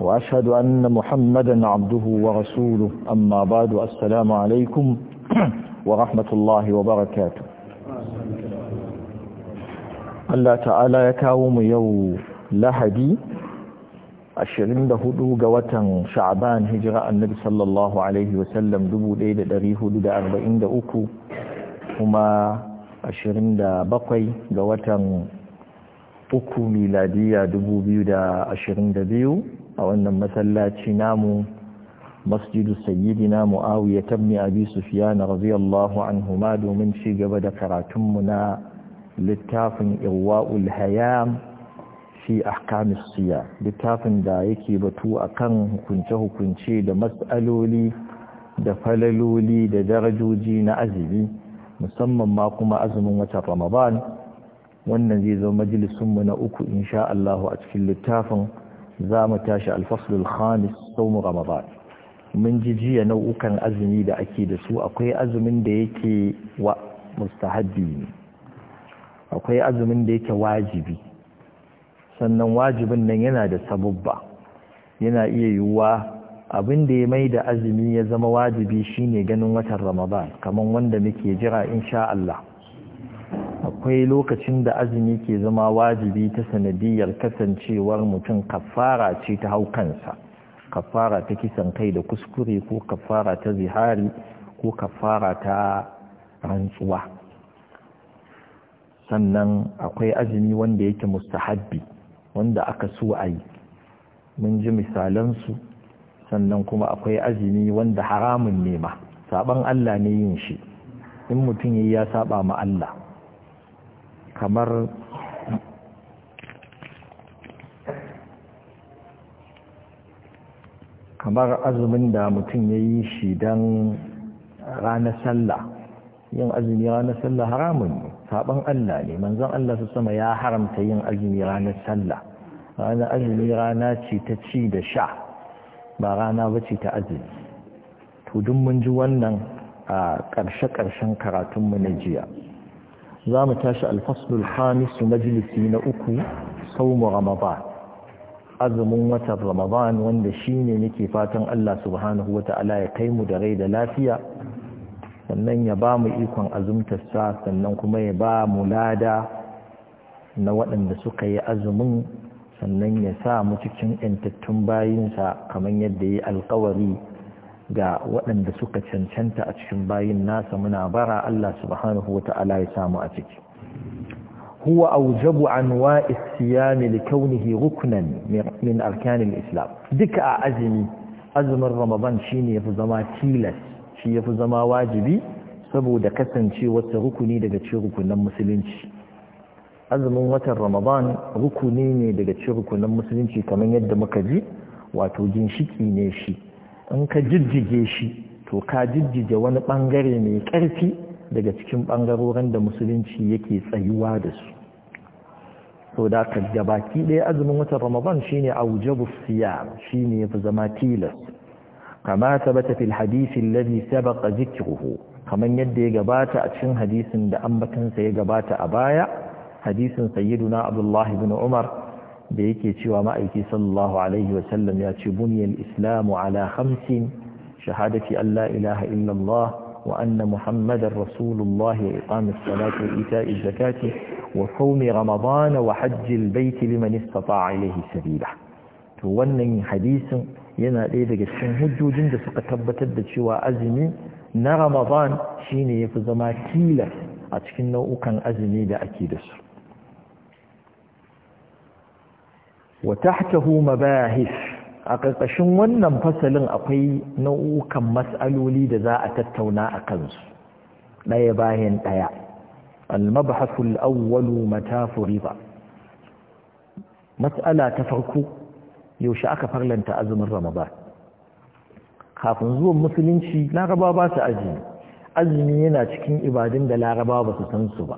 وأشهد أن محمدا عبده ورسوله أما بعد السلام عليكم ورحمة الله وبركاته Allah ta'ala ya kawo mu yau lahadi 24 ga watan sha'aban hijira annabi sallallahu alaihi wasallam 1443 kuma 27 ga watan uku miladiya 2022 a wannan masallaci namu masjidu sayyidina muawiya tabni abi sufyan radiyallahu anhu ma domin ci gaba da karatunmu na littafin irwa'ul hayam fi ahkamis siya littafin da yake batu akan hukunce-hukunce da mas'aloli da falaloli da darajoji na azumi musamman ma kuma azumin watan ramadan wannan zai zo majalisunmu na uku insha Allah a cikin littafin za mu tashi alfaslul khamis saumu ramadan mun ji jiya nau'ukan azumi da ake da su akwai azumin da yake wa mustahabbi ne akwai azumin da yake wajibi sannan wajibin nan yana da sabubba yana iya yiwuwa abin da ya mai da azumi ya zama wajibi shine ganin watan ramadan kamar wanda muke jira insha Allah akwai lokacin da azumi ke zama wajibi ta sanadiyar kasancewar mutum kafara ce ta haukansa, kafara ta kisan kai da kuskure ko kafara ta zihari ko kafara ta rantsuwa sannan akwai azumi wanda yake mustahabbi wanda aka so a yi mun ji misalansu sannan kuma akwai azumi wanda haramun nema, saban Allah ne yin shi in mutum ya saba ma Allah kamar kamar azumin da mutum ya yi shi don ranar sallah yin azumi ranar sallah haramun ne sabon Allah ne manzon Allah su sama ya haramta yin azumi ranar sallah ranar azumi rana ce ta ci da sha ba rana ba ce ta azumi to duk mun ji wannan a ƙarshe-ƙarshen karatunmu na jiya za mu tashi alfaslul hamisu majalisi na uku saumu ramadan azumin watan ramadan wanda shine nake fatan Allah subhanahu wata'ala ya kai mu da rai da lafiya sannan ya ba mu ikon azumtarsa sannan kuma ya ba mu lada na waɗanda suka yi azumin sannan ya sa mu cikin ‘yantattun bayinsa kamar yadda ya alkawari ga waɗanda suka cancanta a cikin bayin nasa muna bara Allah subhanahu wata'ala ya samu a ciki huwa aujabu anwa'is siyami likawnihi ruknan min arkanil islam duka a azumi azumin ramadan shine yafi zama tilas shi yafi zama wajibi saboda wata rukuni daga cikin rukunan musulunci azumin watan ramadan rukuni ne daga cikin rukunan musulunci kamar yadda muka ji wato ginshiki ne shi in ka jijjige shi to ka jijjige wani ɓangare mai ƙarfi daga cikin ɓangarorin da musulunci yake tsayuwa da su so da ka gabaki ɗaya azumin wata ramadan shine aujabu siyam shine fi zama tilas kama bata fil hadisi alladhi sabaqa dhikruhu kaman yadda ya gabata a cikin hadisin da ambatansa ya gabata a baya hadisin sayyiduna Abdullahi ibn umar da yake cewa ma'aiki sallallahu alaihi wasallam ya ce buniyar islamu ala hamsin shahadati allah ilaha illallah wa anna muhammadar rasulullah ya iqamis salatu ita zakati wa saumi ramadana wa hajjil baiti liman istata'a ilaihi sabila to wannan hadisin yana ɗaya daga cikin hujjojin da suka tabbatar da cewa azumi na ramadan shine yafi zama tilas a cikin nau'ukan azumi da ake da su wa tahtahu mabahis a ƙarƙashin wannan fasalin akwai nau'ukan mas'aloli da za a tattauna a kansu ɗaya bayan ɗaya al-mabhasul awwalu mata furiba mas'ala ta farko yaushe aka farlanta azumin ramadan kafin zuwan musulunci laraba basu su azumi azumi yana cikin ibadun da laraba basu san su ba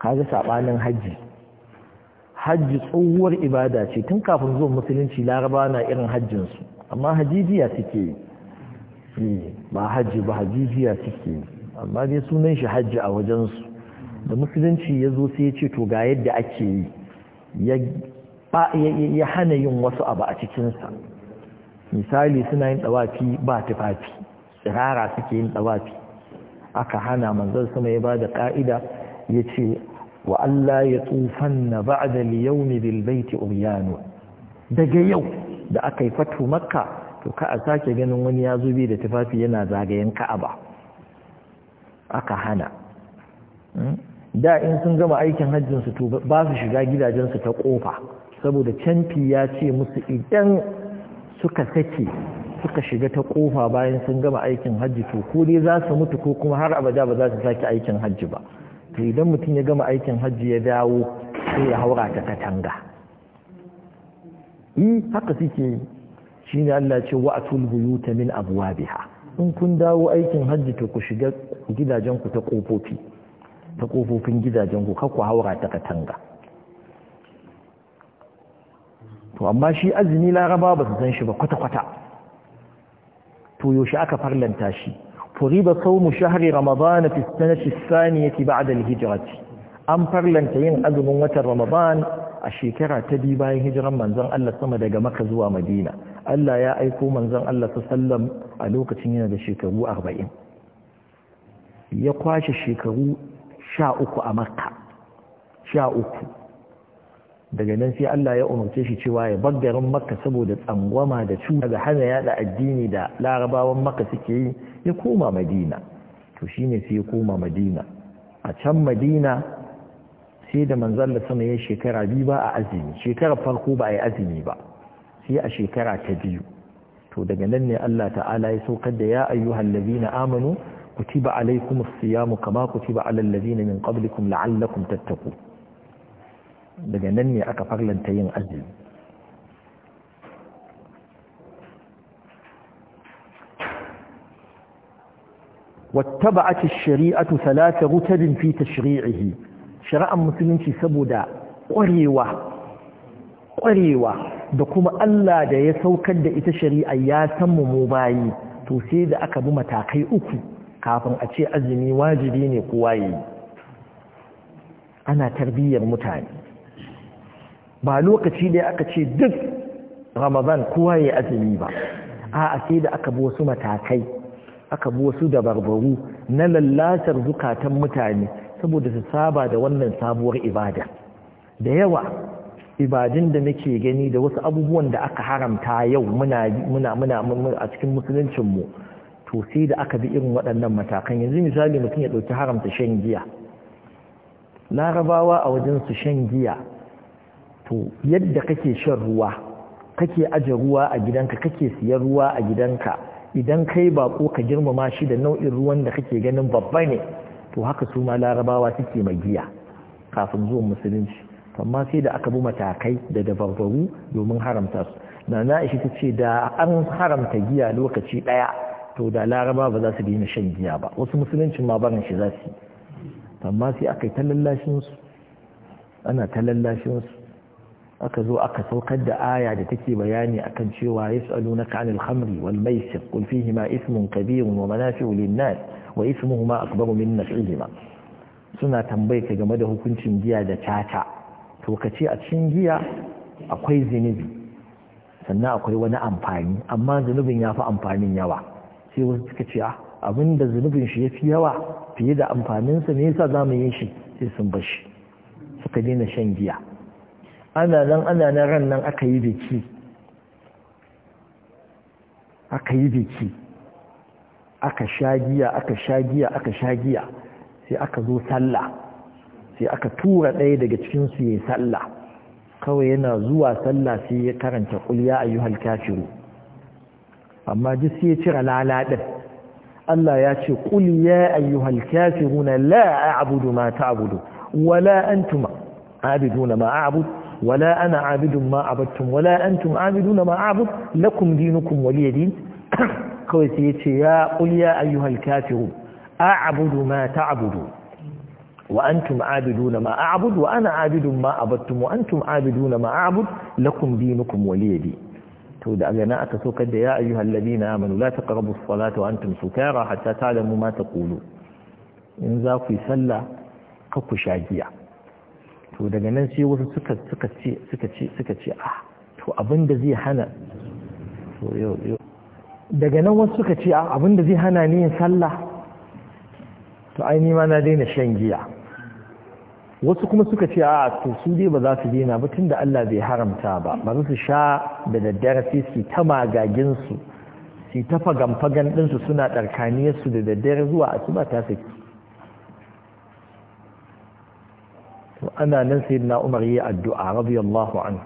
kaga saɓanin hajji hajji tsohuwar ibada ce tun kafin zuwan musulunci laraba na irin hajjinsu amma hajijiya suke yi eh, ba hajji ba hajijiya suke yi amma dai sunan shi hajji a wajensu da musulunci ya zo sai ya ce to ga yadda ake yi ya hana yin wasu abu a cikinsa misali suna yin tsawafi ba tufafi tsirara suke yin tsawafi aka hana manzon sama ya ba da ka'ida ya ce wa Allah ya tsufan ba'da al-yawmi bil baiti daga yau da aka yi fatu makka to ka a sake ganin wani ya zo da tufafi yana zagayen ka'aba aka hana hmm? da in sun gama aikin hajjin su to ba su shiga gidajensu ta kofa saboda canfi ya ce musu idan suka sake suka shiga ta kofa bayan sun gama aikin hajji to ko dai za su mutu ko kuma har abada ba za su sake aikin hajji ba to idan mutum ya gama aikin hajji ya dawo sai ya haura ta katanga yi haka suke shi ne Allah ce wa atul buyuta min biha. in kun dawo aikin hajji to ku shiga gidajen ku ta kofofi ta kofofin gidajen ku ku haura ta katanga to amma shi azumi laraba ba su san shi ba kwata-kwata to yaushe aka farlanta shi فريض صوم شهر رمضان في السنة الثانية بعد الهجرة أم فرلن تين أذن وتر رمضان الشيكرة تدي باي هجرا من زن الله سما دقا مكزوا مدينة ألا يا أيكو من زن الله تسلم ألوك تنين دا شيكرو أربعين يقواش الشيكرو شاء أكو أمكة شاء أكو daga nan sai Allah ya umarce shi cewa ya bar garin makka saboda tsangwama da cuta da hana yada addini da larabawan makka suke yi ya koma madina to shine sai ya koma madina a can madina sai da manzon da sama ya shekara biyu ba a azumi shekarar farko ba a yi azumi ba sai a shekara ta biyu to daga nan ne Allah ta'ala ya saukar da ya ayyuhal ladina amanu kutiba alaykumus siyamu kama kutiba alal ladina min qablikum la'allakum tattaqun daga nan ne aka farlanta yin azumi wattaba'at ash-shari'atu thalatha ghutabin fi tashri'ihi shari'an musulunci saboda ƙwarewa da kuma Allah da ya saukar da ita shari'a ya san mu mu bayi to sai da aka bi matakai uku kafin a ce azumi wajibi ne ko waye ana tarbiyyar mutane ba lokaci ne aka ce duk ramadan kowa ya azumi ba a sai da aka bi wasu matakai aka bi wasu dabarbaru na lallatar zukatan mutane saboda su saba da wannan sabuwar ibada da yawa ibadun da nake gani da wasu abubuwan da aka haramta yau muna muna a cikin musuluncinmu to sai da aka bi irin waɗannan matakan yanzu misali mutum ya ɗauki haramta shan giya larabawa a wajen su shan giya to yadda kake shan ruwa kake aje ruwa a gidanka kake siyan ruwa a gidanka idan kai bako ka girmama shi da nau'in ruwan da kake ganin babba ne to haka su ma larabawa suke mai giya kafin zuwan musulunci amma sai da aka bi matakai da dabarbaru domin haramta su na na ishi ta ce da an haramta giya lokaci ɗaya to da laraba ba za su daina shan giya ba wasu musuluncin ma barin shi za su yi amma sai aka yi ta ana ta su. aka zo aka saukar da aya da take bayani akan cewa yas'alunaka kanil hamri wal maisir qul fihima ismun kabirun wa manafi'u lin-nas wa ismuhuma akbaru min suna tambaye ka game da hukuncin giya da caca to ka ce a cikin giya akwai zinubi sannan akwai wani amfani amma zunubin ya fi amfanin yawa sai wasu suka ce abin da zunubin shi ya fi yawa fiye da amfaninsa ne yasa za mu yi shi sai sun bar shi suka daina shan giya ana nan ana nan ran nan aka yi biki aka yi biki aka sha giya aka sha giya aka sha sai aka zo sallah sai aka tura ɗaya daga cikinsu ya sallah kawai yana zuwa sallah sai ya karanta ƙulya a kafiru amma duk sai ya cire lalaɗin Allah ya ce ƙulya a yuhal na la abudu ma ta abudu wala an tuma abidu ma abudu wala ana abidun ma abattum wala antum abiduna ma abud lakum dinukum waliya din kawai sai yace ya qul ya ayyuhal kafirun a'budu ma ta'budu wa antum abiduna ma a'bud wa ana abidun ma abattum wa antum abiduna ma a'bud lakum dinukum waliya din to da agana aka saukar da ya ayyuhal ladina amanu la taqrabu as-salata wa antum sukara ma in za ku sallah ka ku shagiya to daga nan sai wasu suka suka ce suka ce suka ce ah to abin da zai hana to yau yau daga nan wasu suka ce ah abinda zai hana ni yin sallah to ai ma na daina shan giya wasu kuma suka ce a ah, to su dai ba za su daina ba tunda Allah bai haramta ba ba su sha da daddare sai su ta magagin su su ta fagan fagan din su suna tsarkaniyar su da daddare zuwa asuba ta saki ana nan sai na umar yi addu'a yallahu anhu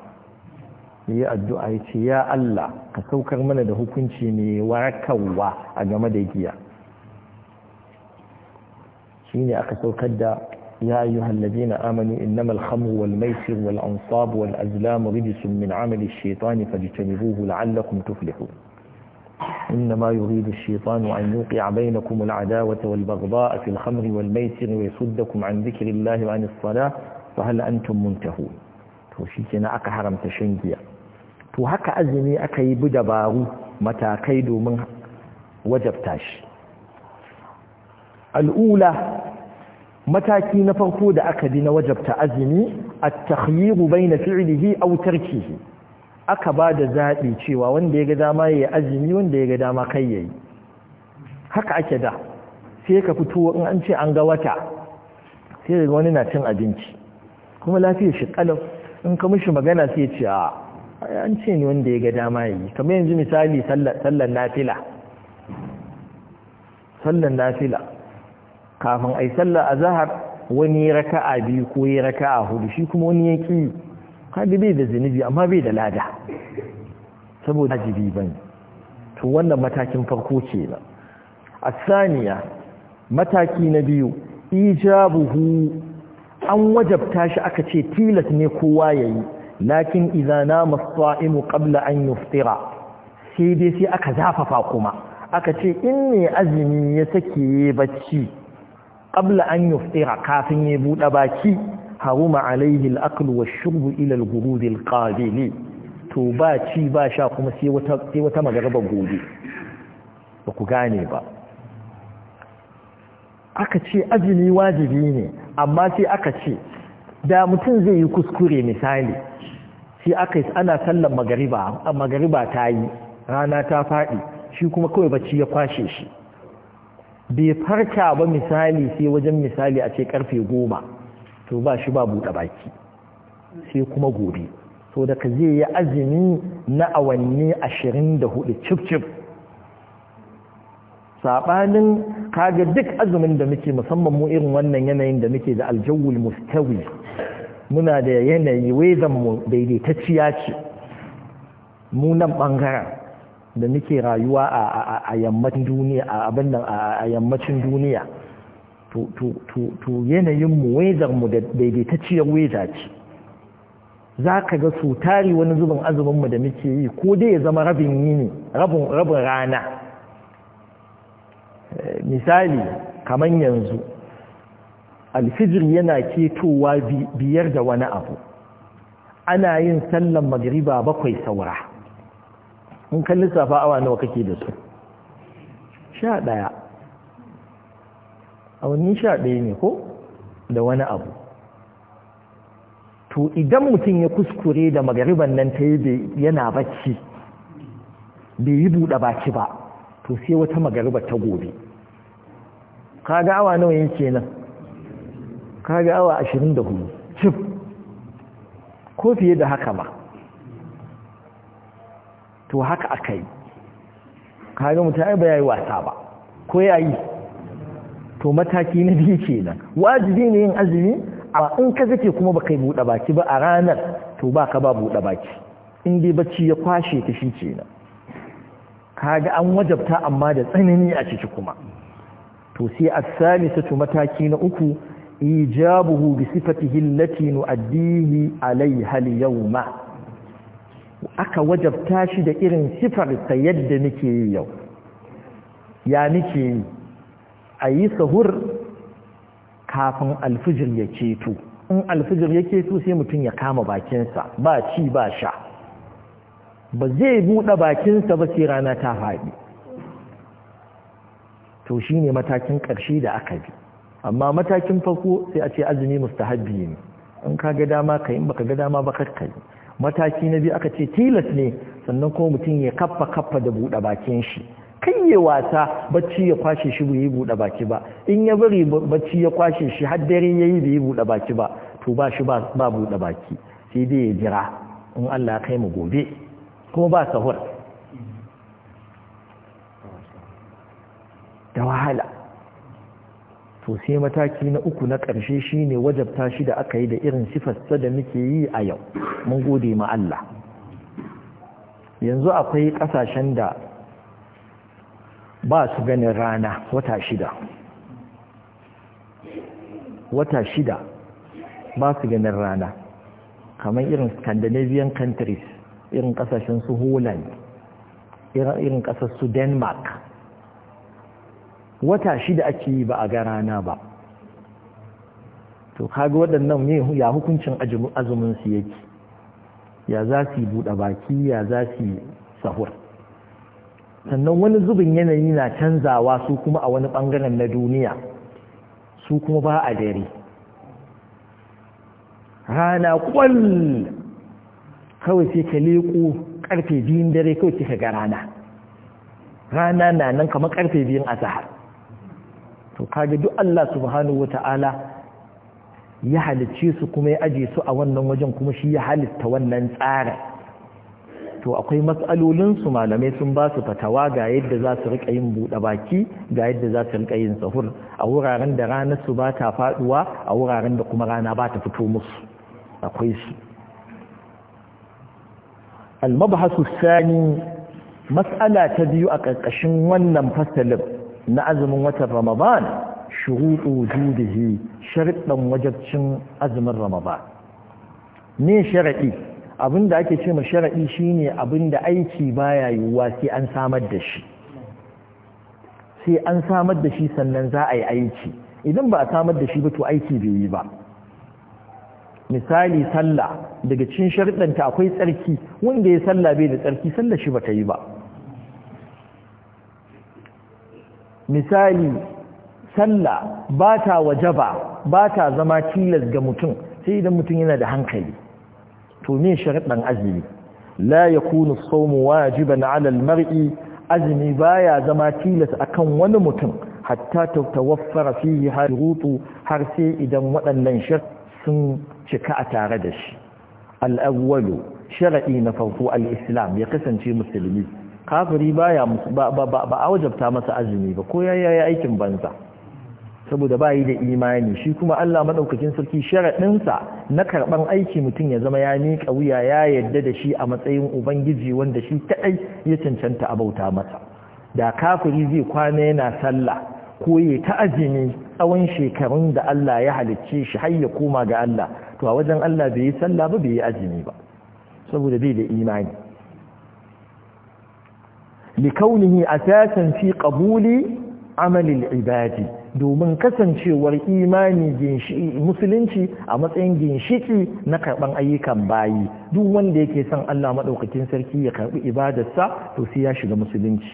yi addu'a ya ce ya Allah ka saukar mana da hukunci ne warkarwa a game da giya shi ne aka saukar da ya yi hallabi na amani innama alhamru wal maisir wal ansabu wal azlam rijisun min amali shaitani fajitanibuhu la'allakum tuflihu إنما يريد الشيطان أن يوقع بينكم العداوة والبغضاء في الخمر والميسر ويصدكم عن ذكر الله وعن الصلاة فهل أنتم منتهون توشيكنا أكا حرم تشنجيا تو هكا أزمي أكي يبدا متى كيدو من وجب تاش الأولى متى كي نفرقود أكدنا aka bi na بين فعله أو تركه aka ba da zaɓi cewa wanda ya ga dama ya yi azumi wanda ya ga dama kai ya yi haka ake da sai ka fito in an ce an ga wata sai daga wani na cin abinci kuma lafiya shi in ka mishi magana sai ce a an ce ne wanda ya ga dama ya yi kamar yanzu misali sallan nafila sallan nafila kafin a yi sallar a zahar wani raka'a biyu ko ya raka'a hudu shi kuma wani ya ƙi kaga bai da zunubi amma bai da lada saboda wajibi bane to wannan matakin farko ce ba asaniya mataki na biyu ijabuhu an wajabta shi aka ce tilas ne kowa yayi lakin idza nama as-sa'imu qabla an yuftira sai dai sai aka zafafa kuma aka ce in ne azumi ya sake bacci qabla an yuftira kafin ya bude baki haruma alaihi al'aqlu wa shurbu ila al-ghurud to ba ci ba sha kuma sai wata sai magaraba gobe ba ku gane ba aka ce azumi wajibi ne amma sai aka ce da mutum zai yi kuskure misali sai aka ana sallan magariba magariba ta yi rana ta faɗi shi kuma kawai bacci ya kwashe shi bai farka ba misali sai wajen misali a ce karfe goma to ba shi ba buɗe baki sai kuma gobe so daga zai yi azumi na awanni ashirin da hudu cif-cif saɓanin kaga duk azumin da muke musamman mu irin wannan yanayin da muke da aljawul mustawi muna da yanayi mu daidaitacciya ce mu nan ɓangaren da muke rayuwa a yammacin duniya to yanayin wezar mu da daidaitacciyar weza ce za ka ga su tari wani zubin azuminmu da muke yi ko dai ya zama rabin ne rabin rana eh, misali kamar yanzu alfijir yana ketowa biyar da wani abu ana yin sallan magariba bakwai saura in kan lissafa awa nawa kake da su sha ɗaya awanni sha ɗaya ne ko da wani abu to idan mutum ya kuskure da magariban nan ta yi yana bacci bai yi buɗe baki ba to sai wata magariba ta gobe kaga awa nawa yake nan kaga awa ashirin da hudu cif ko fiye da haka ba to haka aka yi kaga mutum ba ya yi wasa ba ko ya yi to mataki na biyu kenan wajibi ne yin azumi a in ka zake kuma baka yi buɗe baki ba a ranar to ba ka ba buɗe baki in dai bacci ya kwashe ta shi kenan ga an wajabta amma da tsanani a ciki kuma to sai sami salisatu mataki na uku ijabuhu bi sifatihi allati nu'addihi alaiha yau, yawma aka wajabta shi da irin sifar sa yadda nake yau ya nake yi a yi sahur kafin alfijir ya ketu, in alfijir ya ceto sai mutum ya kama bakinsa ba ci ba sha ba zai buɗe bakinsa ba sai rana ta faɗi to shi ne matakin ƙarshe da aka bi amma matakin farko sai a ce azumi mustahabbi ne in ka ga dama ka yi baka ga dama ba ka mataki na biyu aka ce tilas ne sannan kuma mutum ya kaffa kaffa da buɗe bakin shi kai ya wasa bacci ya kwashe shi bai yi buɗe baki ba in ya bari bacci ya kwashe shi har dare ya yi bai yi buɗe baki ba to ba shi ba buɗe baki sai dai ya jira in Allah ya kai mu gobe kuma ba sahur da wahala to sai mataki na uku na ƙarshe shine wajabta shi da aka yi da irin sifarsa da muke yi a yau mun gode ma Allah yanzu akwai ƙasashen da ba su ganin rana wata shida wata shida ba su ganin rana kamar irin scandinavian countries irin kasashen su holland irin kasar su denmark wata shida ake yi ba a ga rana ba to kaga waɗannan ya hukuncin azumin su yake ya za su yi buɗe baki ya za su yi sahur sannan wani zubin yanayi na canzawa su kuma a wani bangaren na duniya su kuma ba a dare rana kwal kawai sai ka leƙo karfe biyun dare kawai sai ka ga rana rana na nan kamar karfe biyun zahar to kaga duk Allah subhanahu wata'ala ya halicce su kuma ya aje su a wannan wajen kuma shi ya halitta wannan tsarin to akwai matsalolinsu malamai sun ba su fatawa ga yadda za su riƙa yin buɗe baki ga yadda za su riƙa yin sahur a wuraren da ranar su ba ta faɗuwa a wuraren da kuma rana ba ta fito musu akwai su almabhasu sani mas'ala ta biyu a ƙarƙashin wannan fasalin na azumin watan ramadan shuruɗu wujudihi sharɗan wajabcin azumin ramadan ne sharaɗi abin da ake ce ma shi ne abin da aiki baya yiwuwa sai an samar da shi sai an samar da shi sannan za a yi aiki idan ba a samar da shi ba to aiki bai yi ba misali sallah daga cikin sharɗanta akwai tsarki wanda ya sallah bai da tsarki sallah shi ta yi ba misali sallah ba ta wajaba ba ta zama tilas ga mutum sai idan mutum yana da hankali to me azumi la yakunu as-sawmu wajiban 'ala al azumi baya zama tilas akan wani mutum hatta tawaffara fihi harutu har sai idan waɗannan shar sun cika a tare da shi al-awwalu shar'i na farko al-islam ya kasance musulmi kafiri baya ba a wajabta masa azumi ba ko yayi aikin banza saboda bayi da imani shi kuma Allah madaukakin sarki sharaɗinsa na karɓan aiki mutum ya zama ya miƙa wuya ya yadda da shi a matsayin ubangiji wanda shi kaɗai ya cancanta bauta masa da kafiri zai kwana yana sallah ko ya ta azumi tsawon shekarun da Allah ya halicce shi har ya koma ga Allah to a wajen Allah bai yi sallah ba bai yi azumi ba saboda bai da imani likaunihi asasan fi qabuli amalil ibadi domin kasancewar imani musulunci a matsayin ginshiki na karban ayyukan bayi duk wanda yake son Allah maɗaukakin sarki ya karɓi ibadarsa to sai ya shiga musulunci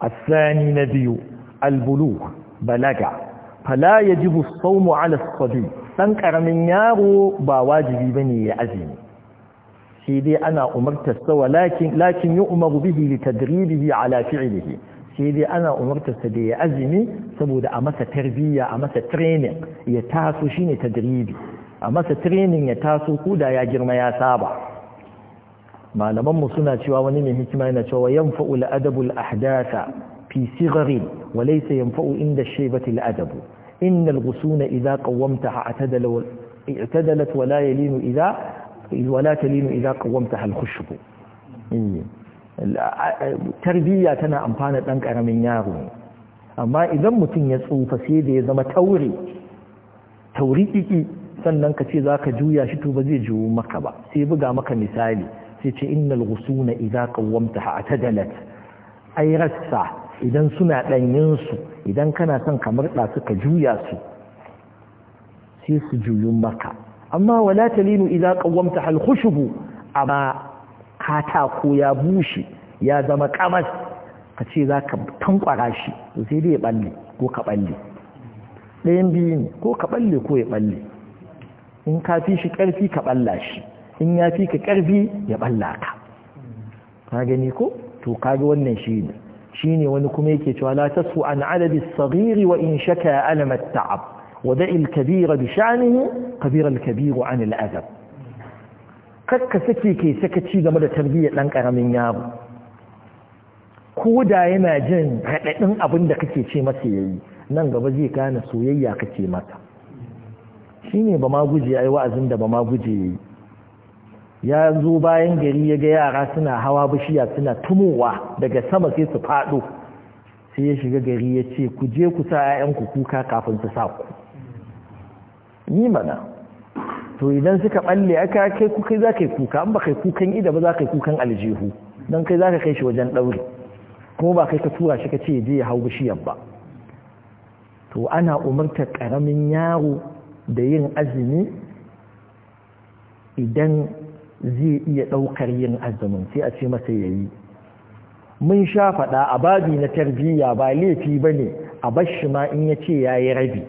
الثاني na biyu, بلغة Balaga, يجب الصوم على الصبي dan karamin yaro ba wajibi ne ya azimi. shi dai ana umartar sa walakin lakin yu'maru bihi litadribihi ala fi'lihi sai dai ana umartarsa da ya azumi saboda a masa tarbiyya a masa training ya taso shine tadribi a masa training ya taso ko da ya girma ya saba malaman mu suna cewa wani mai hikima yana cewa yanfa'u al-adabul ahdatha fi sigharin wa laysa yanfa'u inda shaybati al-adabu inna al-ghusuna idha qawwamtaha atadala i'tadalat wa la yalinu idha wa la talinu idha qawwamtaha al-khushbu tarbiyya tana amfana ɗan ƙaramin yaro amma idan mutum ya tsufa sai da ya zama taure tauri ƙiƙi sannan ka ce za ka juya shi to ba zai juyo maka ba sai buga maka misali sai ce innal ghusuna idza qawwamta atadalat ai rassa idan suna ɗanyensu, idan kana son kamar da ka juya su sai su juyo maka amma wala talinu idza qawwamta al khushubu amma katako ya bushe ya zama kamar ka ce za ka tankwara shi to sai dai ya balle ko ka balle ɗayan biyu ne ko ka balle ko ya balle in ka fi shi ƙarfi ka balla shi in ya fi ka ƙarfi ya balla ka ka gani ko to kaga wannan shi ne shi ne wani kuma yake cewa la tasu an adadi sagiri wa in shaka alamat ta'ab wa da'il kabira bi sha'nihi kabira al-kabiru an al kakka sake kai ci game da tarbiyyar ɗan ƙaramin yaro ko da yana jin raɗaɗin abin da kake ce masa ya yi, nan gaba zai gane soyayya kake mata Shi ne ba ma guje ai wa'azin da ba ma guje yi. ya zo bayan gari ya ga yara suna hawa bishiya suna tumowa daga sama sai su faɗo sai ya shiga gari ya ce ku je ku sa 'ya'yanku kuka kafin su sa ku ni mana to idan suka balle aka kai kai za yi kuka an ba kai kukan ida ba za kukan aljihu don kai za ka kai shi wajen ɗauri kuma ba kai ka tura shi ka ce je ya hau bishiyar ba to ana umarta ƙaramin yaro da yin azumi idan zai iya ɗaukar yin azumin sai a ce masa ya yi mun sha faɗa a babi na tarbiyya ba laifi ba ne a bashi ma in ya ce ya yi rabi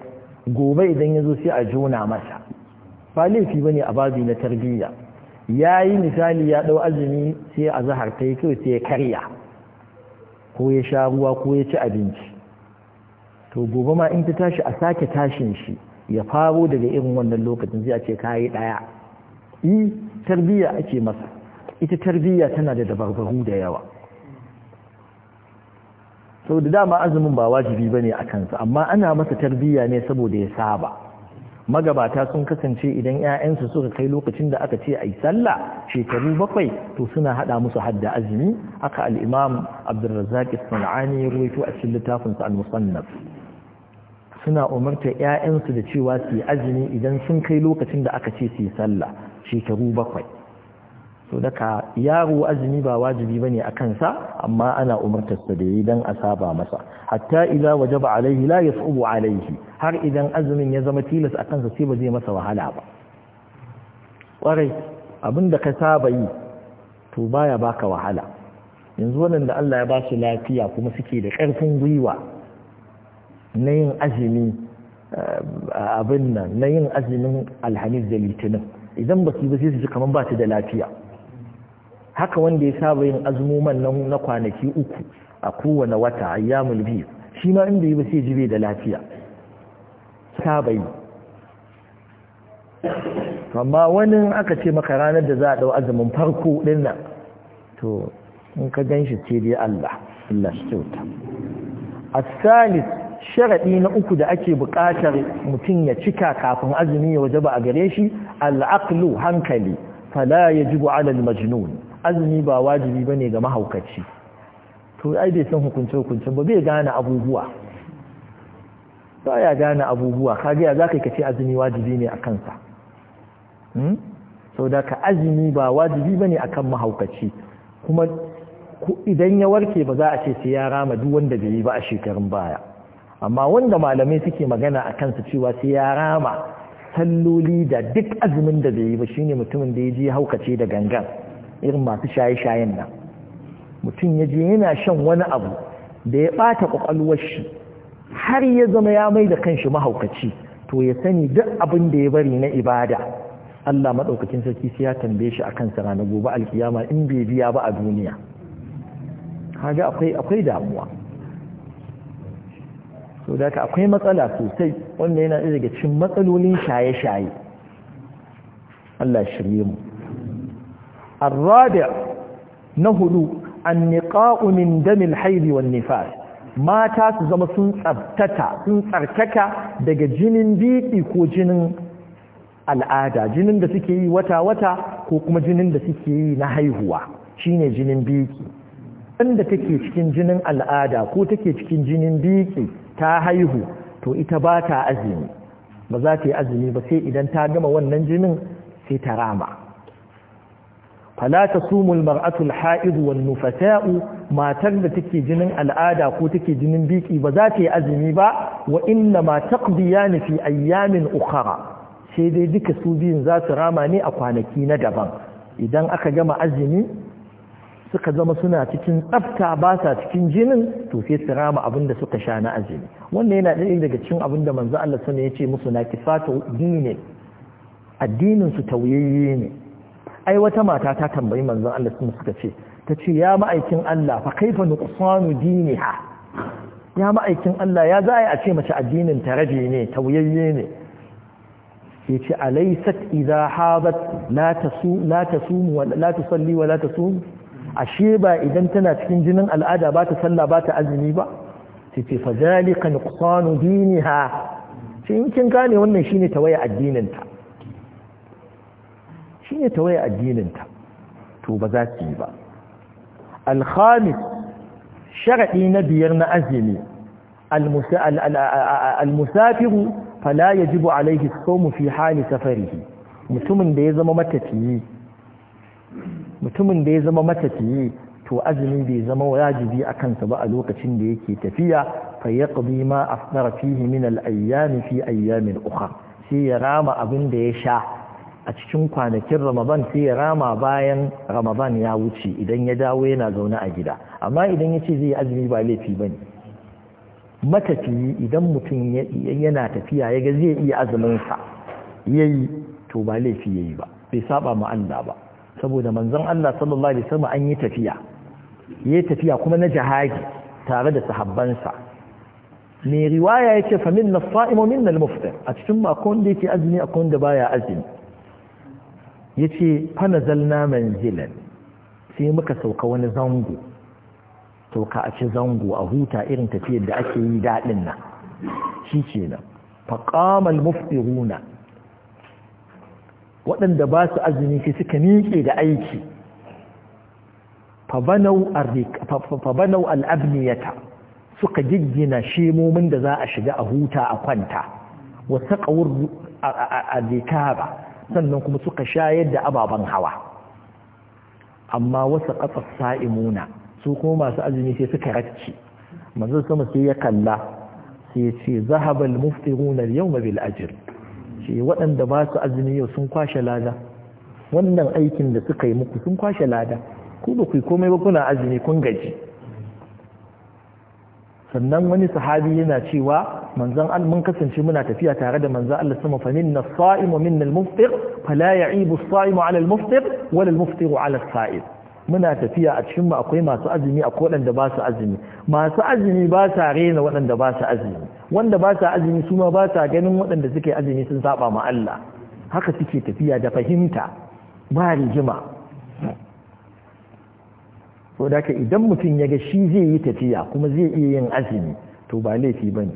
gobe idan ya zo sai a jona masa ba laifi ba ne a babi na tarbiyya ya yi misali ya ɗau azumi sai a zahar ta yi kawai sai ya karya ko ya sha ruwa ko ya ci abinci to gobe ma in ta tashi a sake tashin shi ya faro daga irin wannan lokacin zai a ce kayi ɗaya yi tarbiyya ake masa ita tarbiyya tana da dabarbaru da yawa sau da dama azumin ba wajibi ba ne a kansa amma ana masa tarbiyya ne saboda ya saba magabata sun kasance idan 'ya'yansu suka kai lokacin da aka ce a yi sallah shekaru bakwai to suna haɗa musu hadda azumi aka al'imam abdulrazak sana'ani ya ruwaito a cikin littafinsa al-musannaf suna umarta 'ya'yansu da cewa su yi azumi idan sun kai lokacin da aka ce su yi sallah shekaru bakwai to daga yaro azumi ba wajibi bane a kansa amma ana umartarsa da yi don a saba masa hatta waje ba alaihi la ubu alaihi har idan azumin ya zama tilas a kansa sai ba zai masa wahala ba kwarai abinda ka saba yi to baya baka wahala yanzu wannan da Allah ya ba su lafiya kuma suke da ƙarfin gwiwa na yin azumi eh, abin nan na yin azumin alhamis da litinin idan ba su ba sai su ji kamar ba su da lafiya haka wanda ya saba yin azumuman nan na kwanaki uku a kowane wata ayyamul biyu shi ma inda yi ba sai jibe da lafiya saba yi amma wani aka ce maka ranar da za a ɗau azumin farko ɗin nan to in ka gan shi ce dai Allah Allah shi kyauta asalis sharaɗi na uku da ake buƙatar mutum ya cika kafin azumi ya waje ba a gare shi al al'aqlu hankali fala yajibu alal majnun azumi ba wajibi bane ga mahaukaci to ai bai san hukunce hukunce ba bai gane abubuwa ba ya gane abubuwa kage ya zaka kace azumi wajibi ne akan sa hmm da ka azumi ba wajibi bane akan mahaukaci kuma idan ya warke ba za a ce sai ya rama duk wanda bai yi ba a shekarun baya amma wanda malamai suke magana a kansa cewa sai ya rama salloli da duk azumin da bai yi ba shine mutumin da ya je haukace da gangan irin masu shaye-shayen nan mutum ya je yana shan wani abu da ya ɓata ƙwaƙwalwar shi har ya zama ya mai da kanshi mahaukaci to ya sani duk abin da ya bari na ibada Allah maɗaukakin sarki sai ya tambaye shi akan sa ranar gobe alkiyama in bai biya ba a duniya kaga akwai akwai damuwa so da akwai matsala sosai wanda yana daga cikin matsalolin shaye-shaye Allah shirye mu الرابع نهدو النقاء من دم الحيض والنفاس mata su zama sun tsabtata daga jinin biki ko jinin al'ada jinin da suke yi wata-wata ko kuma jinin da suke yi na haihuwa shine jinin biki wanda take cikin jinin al'ada ko take cikin jinin biki ta haihu to ita ba ta azumi ba za ta yi azumi ba sai idan ta gama wannan jinin sai ta rama fala sumul almar'atu ha'iz wan nufata'u matar da take jinin al'ada ko take jinin biki ba za ta yi azumi ba wa inna ma taqdiyani fi ayyamin ukhra sai dai duka su biyun za su rama ne a kwanaki na daban idan aka gama azumi suka zama suna cikin tsafta ba sa cikin jinin to sai su rama abin da suka sha na azumi wannan yana ɗaya daga cikin abin da manzo Allah ya ce musu na kifatu dinin addinin su tauyayye ne ai wata mata ta tambayi manzon Allah sun suka ce ta ce ya ma'aikin Allah fa kaifa nuqsanu diniha ya ma'aikin Allah ya za a ce mace addinin ta rage ne tauyayye ne ya alaysat idza habat la tasu la tasum wa la tusalli wa la tasum ashe ba idan tana cikin jinin al'ada ba ta sallah ba ta azumi ba sai ce fa zalika nuqsanu diniha sai kin gane wannan shine tawaya addinin ta shi ne waya addininta to ba za su yi ba alhamis sharaɗi na biyar na azumi almusafiru fala ya jibu alaihi somu fi hali safarihi mutumin da ya zama matafiye mutumin da ya zama to azumi bai zama wajibi a kansa ba a lokacin da yake tafiya fa yaqdi ma afdara fihi min ayyami fi ayyamin uka sai ya rama abin da ya sha a cikin kwanakin ramadan sai ya rama bayan ramadan ya wuce idan ya dawo yana zaune a gida amma idan ya ce zai azumi ba laifi ba ne matafiyi idan mutum yana tafiya ya ga zai iya azuminsa ya yi to ba laifi ya yi ba bai saba ma Allah ba saboda manzon Allah sallallahu alaihi wasallam an yi tafiya ya yi tafiya kuma na jihadi tare da sahabbansa mai riwaya ya ce fa minna sa'imu minna a cikin makon da yake azumi a da baya azumi ya ce fana zalna manzilan sai muka sauka wani zango sauka a ci zango a huta irin tafiyar da ake yi daɗin nan shi ce nan faƙamal muftiruna waɗanda ba su azumi sai suka miƙe da aiki fabanau al'abniyata suka giggina shemomin da za a shiga a huta a kwanta wasu ƙawar a zikaba sannan kuma suka shayar da ababen hawa amma wasu ƙasar sa'imuna su kuma masu azumi sai suka racci manzo sama sai ya kalla sai ce zahabal muftiruna yau bil ajr shi waɗanda ba su azumi yau sun kwashe lada wannan aikin da suka yi muku sun kwashe lada ku ba ku yi komai ba kuna azumi kun gaji sannan wani sahabi yana cewa manzan Allah mun kasance muna tafiya tare da manzan Allah sama fa minna as-sa'imu minna al-muftir fala ya'ibu as 'ala al-muftir wala al muftir 'ala as-sa'im muna tafiya a cikin mu akwai masu azumi akwai waɗanda ba su azumi masu azumi ba sa rena waɗanda ba su azumi wanda ba sa azumi su ma ba sa ganin waɗanda suke azumi sun saba ma Allah haka suke tafiya da fahimta ba rigima so da idan mutum ya ga shi zai yi tafiya kuma zai iya yin azumi to ba laifi bane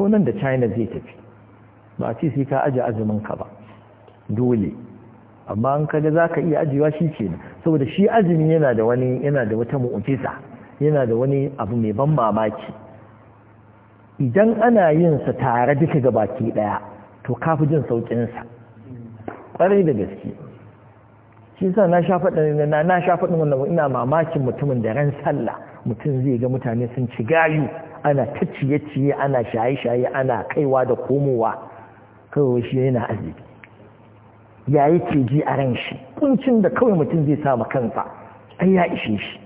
ko nan da china zai tafi ba a ce sai ka aji azumin ka ba dole amma an kaga za ka iya ajiyewa shi ke saboda shi azumi yana da wani yana da wata mu'ujiza yana da wani abu mai ban mamaki idan ana yin sa tare duka ga baki daya to kafi jin saukin sa kwarai da gaske shi sa na sha faɗin na na sha faɗin wannan ina mamakin mutumin da ran sallah mutum zai ga mutane sun ci gayu ana ta ciye-ciye ana shaye-shaye ana kaiwa da komowa kawai shi yana arziki ya yi ji a ran shi kuncin da kawai mutum zai sa kansa ai ya ishe shi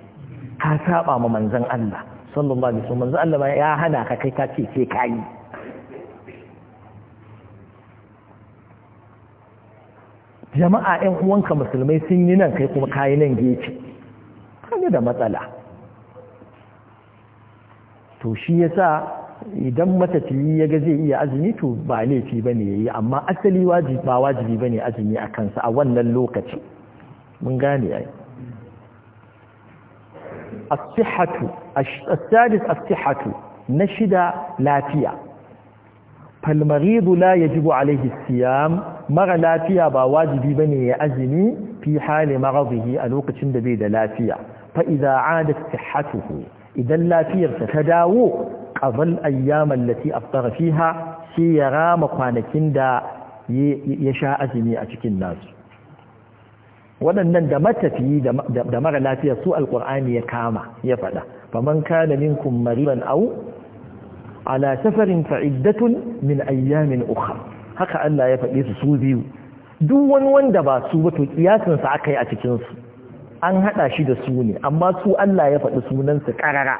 ka saba ma manzan Allah sallallahu alaihi wasallam manzan Allah ya hana ka kai ka ce sai ka yi jama'a 'yan uwanka musulmai sun yi nan kai kuma kayi nan gefe kaga da matsala to shi ya sa idan matatili ya ga zai iya azumi to ba laifi ba ne ya yi amma asali ba wajibi ne azumi a kansa a wannan lokaci mun gane ya yi astihatu na shida lafiya falmaridu la ya jibo alaihi siyam mara lafiya ba wajibi ba ne ya azumi fi hali mara a lokacin da bai da lafiya fa’iza a da idan lafiyarsa ta dawo ƙazal ayyaman lati aftara fiha sai ya rama kwanakin da ya sha azumi a cikin nasu waɗannan da matafiyi da mara lafiya su alƙur'ani ya kama ya faɗa man kana minkum mariban au ala safarin fa'iddatun min ayyamin ukhra haka Allah ya faɗe su su biyu duk wani wanda ba su ba to kiyasin sa akai a cikin su an haɗa shi da su ne amma su Allah ya faɗi sunansu ƙarara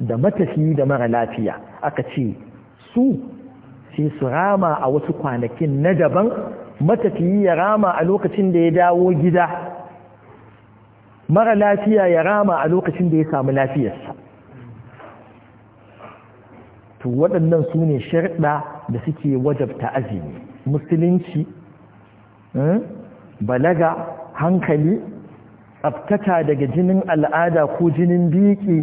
da matafiyi da mara lafiya aka ce su sai su rama a wasu kwanakin na daban matafiyi ya rama a lokacin da ya dawo gida mara lafiya ya rama a lokacin da ya samu lafiyarsa to waɗannan su ne sharɗa da suke wajabta azumi musulunci hmm, balaga hankali tsabtaka daga jinin al'ada ko jinin biki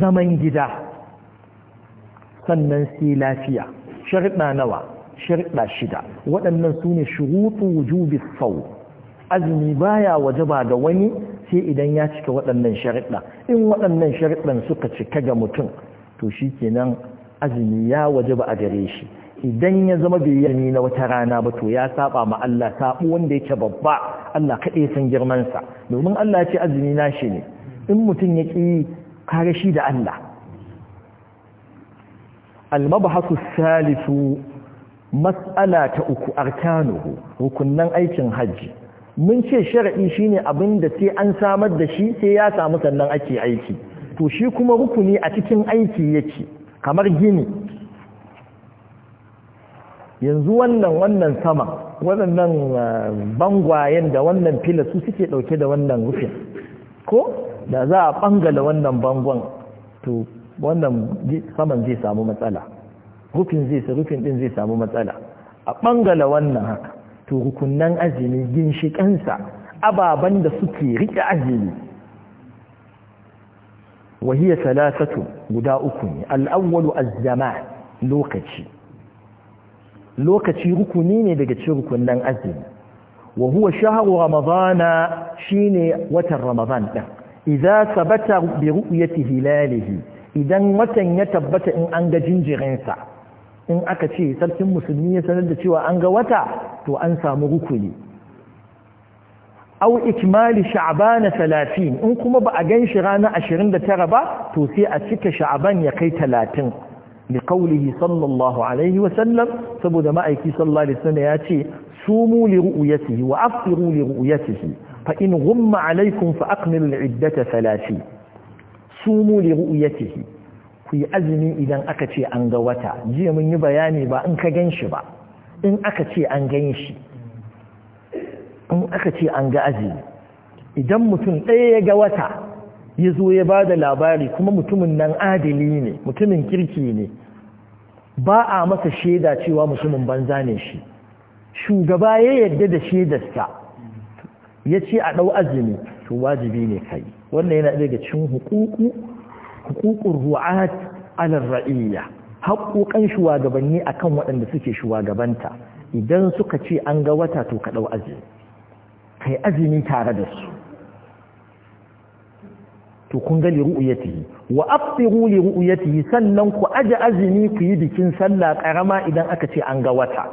zaman gida sannan sai lafiya sharɗa nawa sharɗa shida waɗannan su ne shurutu wujubi sau azumi baya wajaba ga wani sai idan ya cika waɗannan sharɗa in waɗannan sharɗan suka cika ga mutum to shi kenan azumi ya wajaba a gare shi idan ya zama bai yi na wata rana ba to ya saba ma Allah sabu wanda yake babba Allah kaɗai san girmansa domin Allah ce azumi na shi ne in mutum ya ƙi kare shi da Allah al salisu mas'ala ta uku arkanuhu rukunnan aikin hajji mun ce shar'i shine abin da sai an samar da shi sai ya samu sannan ake aiki to shi kuma rukuni a cikin aiki yake kamar gini yanzu wannan wannan sama waɗannan uh, bangwayen da wannan fila su suke ɗauke da wannan rufin ko da za a ɓangala wannan bangon to wannan saman zai samu matsala rufin zai rufin ɗin zai samu matsala a ɓangala wannan haka to rukunan azumi ginshiƙansa ababen da suke riƙe azumi wahiyar salasatu guda uku ne al'awwalu az-zaman lokaci lokaci rukuni ne daga cikin rukunnan azumi wa huwa shahru ramadana shine watan ramadan din idza sabata bi ru'yati hilalihi idan watan ya tabbata in an ga jinjirin sa in aka ce sarkin musulmi ya sanar da cewa an ga wata to an samu rukuni aw ikmali sha'ban 30 in kuma ba a ganshi ranar 29 ba to sai a cika sha'ban ya kai talatin. لقوله صلى الله عليه وسلم سبب ما أيكي صلى الله عليه وسلم ياتي صوموا لرؤيته وأفطروا لرؤيته فإن غم عليكم فأقملوا العدة ثلاثين صوموا لرؤيته في أزمي إذا أكتي أنغوتا جي من يبياني با أنك جنش با إن أكتي أنغنش إن أكتي أنغ أزمي إذا متن أي غوتا ya zo ya ba da labari kuma mutumin nan adili ne mutumin kirki ne ba a masa shaida cewa mutumin banza ne shi shugaba ya yarda da shaidarsa ya ce a ɗau azumi to wajibi ne kai wannan yana daga cikin hukuku hukukun ru'at alar ra'iyya haƙoƙan shugabanni akan waɗanda suke shugabanta idan suka ce an ga wata to ka ɗau azumi kai azumi tare da su to kun ga liru'yatihi wa afsiru liru'yatihi sannan ku aje azumi ku yi bikin sallah karama idan aka ce an ga wata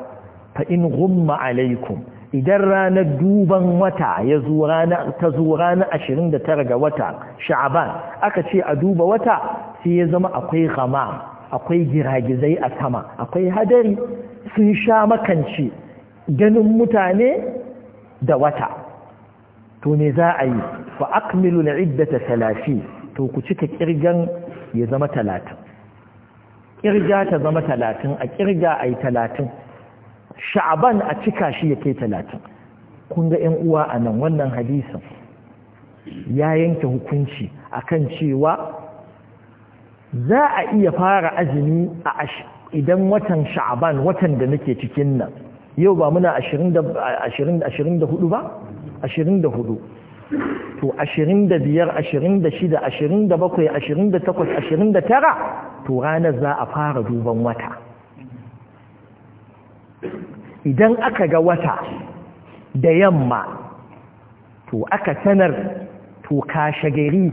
fa in ghumma alaikum idan ranar duban wata ya zo rana ta zo rana 29 ga wata sha'aban aka ce a duba wata sai ya zama akwai ghama akwai giragizai a sama akwai hadari sun sha makance ganin mutane da wata to me za a yi fa akmilu al'iddata talafi to ku cika kirgan ya zama talatin. kirga ta zama talatin, a kirga ayi talatin. sha'ban a cika shi yake talatin. kun ga 'yan uwa a nan wannan hadisin ya yanke hukunci akan cewa za a iya fara azumi a idan watan sha'aban, watan da nake cikin nan yau ba muna 24 ba ashirin da hudu to ashirin da biyar ashirin da shida ashirin da bakwai ashirin da takwas ashirin da tara to ranar za a fara duban wata idan aka ga wata da yamma to aka sanar to kashe gari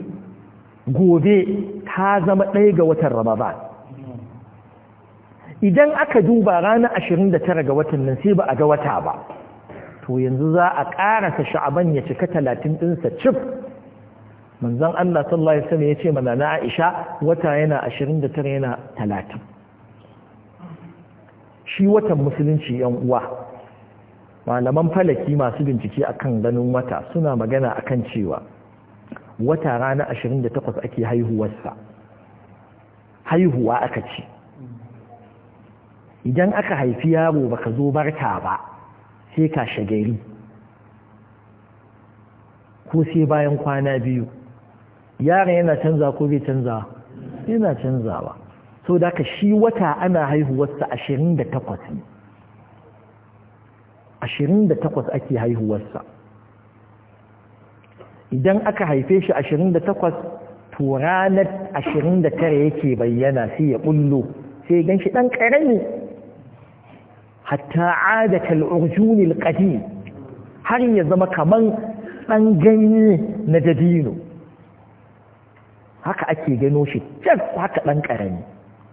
gobe ta zama ɗaya ga watan ramadan idan aka duba ranar ashirin da tara ga watan nan sai ba a ga wata ba to yanzu za a ƙarasa sha'aban ya cika talatin ɗinsa cif manzan Allah sallallahu alaihi wasallam ya ce mana na Aisha wata yana 29 yana talatin. shi watan musulunci yan uwa malaman falaki masu bincike akan ganin wata suna magana akan cewa wata rana 28 ake haihuwarsa haihuwa aka ce idan aka haifi yaro baka zo barka ba sai kashe gari ko sai bayan kwana biyu yara yana canza ko bai canza yana canzawa so da ka shi wata ana haihuwarsa 28 ne 28 ake haihuwarsa idan aka haife shi 28 to ranar 29 yake bayyana sai ya bullo sai gan shi ɗan ƙarami hatta ada kal urjunil qadim har ya zama kaman dan ganye na dadino haka ake gano shi tak haka dan karami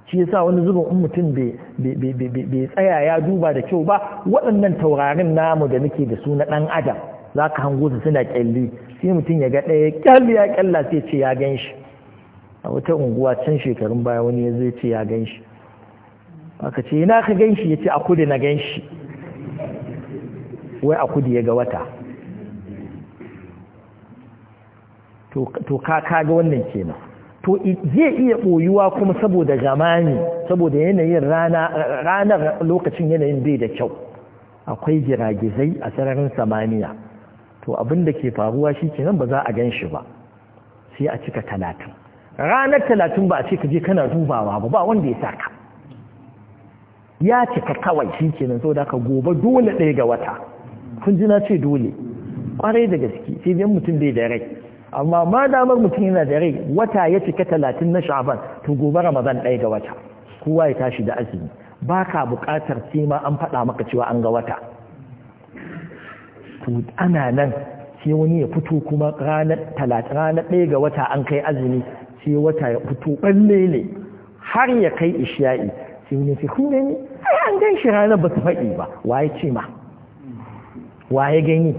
shi yasa wani zuba in mutum bai tsaya ya duba da kyau ba waɗannan taurarin namu da muke da su na ɗan adam zaka hango su suna kyalli sai mutum ya ga ɗaya kyalli ya kyalla sai ce ya ganshi a wata unguwa can shekarun baya wani ya zai ce ya ganshi. aka ce ina ka gan shi ya ce a kudu na gan shi wai a kudu ya ga wata to ka ga wannan kenan to zai iya ɓoyuwa kuma saboda gamani saboda yanayin ranar lokacin yanayin bai da kyau akwai giragizai a sararin samaniya to abinda ke faruwa shi kenan ba za a gan shi ba sai a cika talatin ranar talatin ba a ce ka je kana dubawa ba ba wanda ya saka ya cika kawai shi ke nan da ka gobe dole ɗaya ga wata kun ji na ce dole kwarai da gaske sai biyan mutum bai da rai amma ma damar mutum yana da rai wata ya cika talatin na sha'aban to gobe ramadan ɗaya ga wata kowa ya tashi da azumi ba ka buƙatar sai ma an faɗa maka cewa an ga wata to ana nan sai wani ya fito kuma ranar ɗaya ga wata an kai azumi sai wata ya fito ɓalle har ya kai isha'i sai ne sai kun ne ai an gan shi ranar ba su faɗi ba waye ce ma waye gani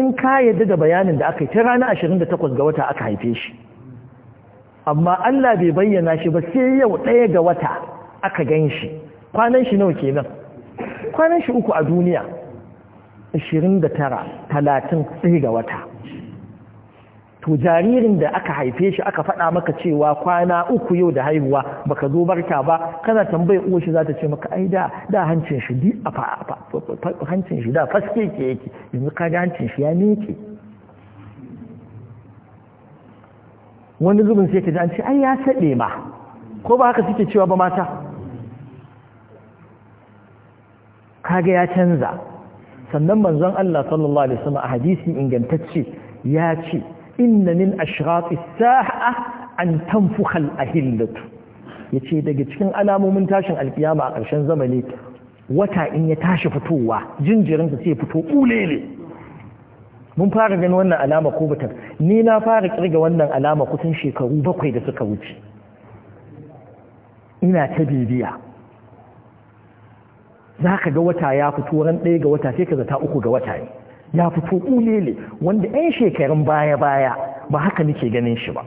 in ka yadda da bayanin da aka yi ta ranar 28 ga wata aka haife shi amma Allah bai bayyana shi ba sai yau ɗaya ga wata aka gan shi kwanan shi nawa kenan kwanan shi uku a duniya 29 30 ga wata to jaririn da aka haife shi aka faɗa maka cewa kwana uku yau da haihuwa baka zo barka ba kana tambayar uwar shi za ta ce maka ai da da hancin shi di a hancin shi da faske ke yake yanzu ka ga hancin shi ya miƙe wani zubin sai ka ji an ce ai ya saɗe ma ko ba haka suke cewa ba mata kaga ya canza sannan manzon Allah sallallahu alaihi wasallam a hadisi ingantacce ya ce inna min ashratis sa'a an tanfukha al-ahillatu yace daga cikin alamomin tashin alkiyama a ƙarshen zamani wata in ya tashi fitowa jinjirin sai fito kulele mun fara ganin wannan alama ko bata ni na fara kirga wannan alama kusan shekaru bakwai da suka wuce ina ta bibiya za ka ga wata ya fito ran ɗaya ga wata sai ka zata uku ga wata ne ya fito ƙulele wanda 'yan shekarun baya-baya ba haka nake ganin shi ba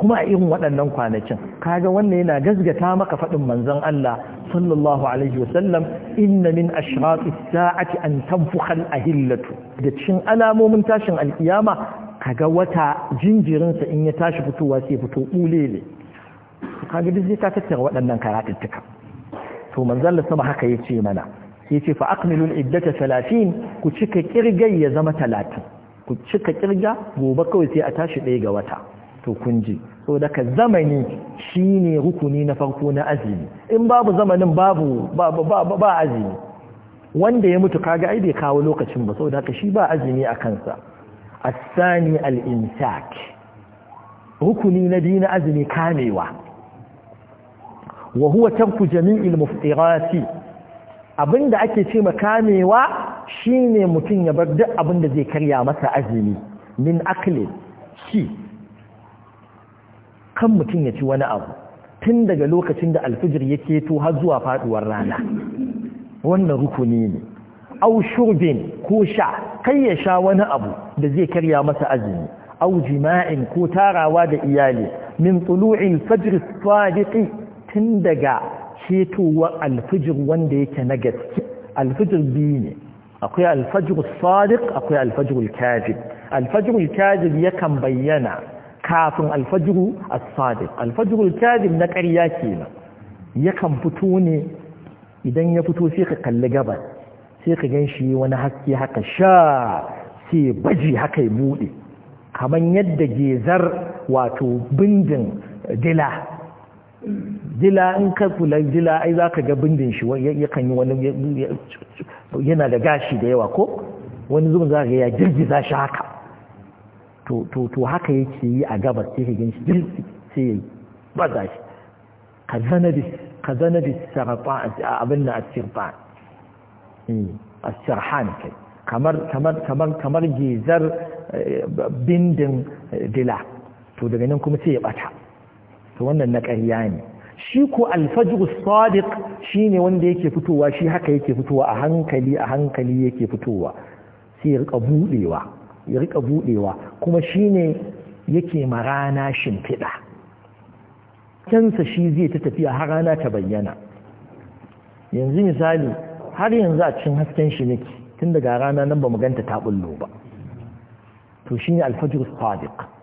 kuma a irin waɗannan kwanakin kaga wannan yana gazgata maka faɗin manzon Allah sallallahu alaihi wasallam inna min ashrati sa'ati an tanfukha al-ahillatu da cin alamomin tashin alkiyama kaga wata jinjirinsa in ya tashi fitowa sai fito ulele kaga duk zai ta tattara waɗannan karatuttuka to manzon Allah sama haka yace mana Ya ce fa akmilul iddata 30 ku cika kirgai ya zama 30 ku cika kirga gobe kawai sai a tashi ɗaya ga wata to kun ji so daga zamani shine rukuni na farko na azumi in babu zamanin babu ba ba ba azumi wanda ya mutu kaga ai bai kawo lokacin ba saboda haka shi ba azumi a kansa asani al-imsak rukuni na biyu na azumi kamewa wa huwa tarku jami'il muftirati abin da ake ce makamewa shine mutum ya bar duk abin da zai karya masa azumi min akli shi kan mutum ya ci wani abu tun daga lokacin da alfijir ya keto har zuwa faduwar rana wannan rukuni ne au shurbin ko sha kai ya sha wani abu da zai karya masa azumi au jima'in ko tarawa da iyali min tulu'il fajr sadiqi tun daga ketowar alfijir wanda yake na gaske alfijir biyu ne akwai alfajir sadiq akwai alfajir kajib alfajir kajib yakan bayyana kafin alfajir sadiq alfajir kajib na ƙarya kenan yakan fito ne idan ya fito sai ka kalli gabas sai ka gan shi wani haske haka sha sai baji haka ya buɗe kamar yadda gezar wato bindin dila dila in ka kula dila ai za ka ga bindin shi yakan yi wani yana da gashi da yawa ko wani zubin za ka ga ya za shi haka to haka yake yi a gabas sai ka gan shi jirgi sai ya yi ba za shi ka zana bi ka zana bi sarfa abin na asirfa eh, asirhan kai kamar kamar kamar kamar gizar eh, bindin dila eh, to daga nan kuma sai ya bata to wannan na ƙarya ne shi ko alfajr sadiq shine wanda yake fitowa shi haka yake fitowa a hankali a hankali yake fitowa sai ya rika budewa ya rika budewa kuma shine yake marana shimfiɗa kansa shi zai ta tafiya har rana ta bayyana yanzu misali har yanzu a cikin hasken shi nake tun daga rana nan ba mu ganta ta bullo ba to shine alfajr sadiq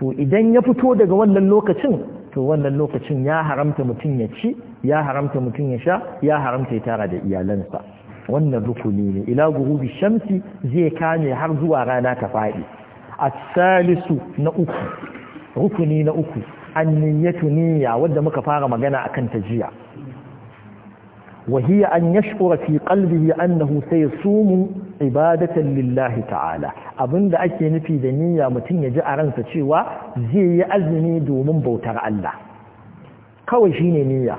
to idan ya fito daga wannan lokacin to wannan lokacin ya haramta mutum ya ci ya haramta mutum ya sha ya haramta ya tara da iyalansa wannan rukuni ne ila gurubi shamsi zai kame har zuwa rana ta faɗi A salisu na uku rukuni na uku an niyyatu niyya wanda muka fara magana akan tajiya jiya وهي أن يشعر في قلبه أنه سيصوم عبادة لله تعالى أظن ذا أكي نفي ذنية متن يجاء رنسة شوى زي أزمي دومن بوتر الله kawai shi ne niyya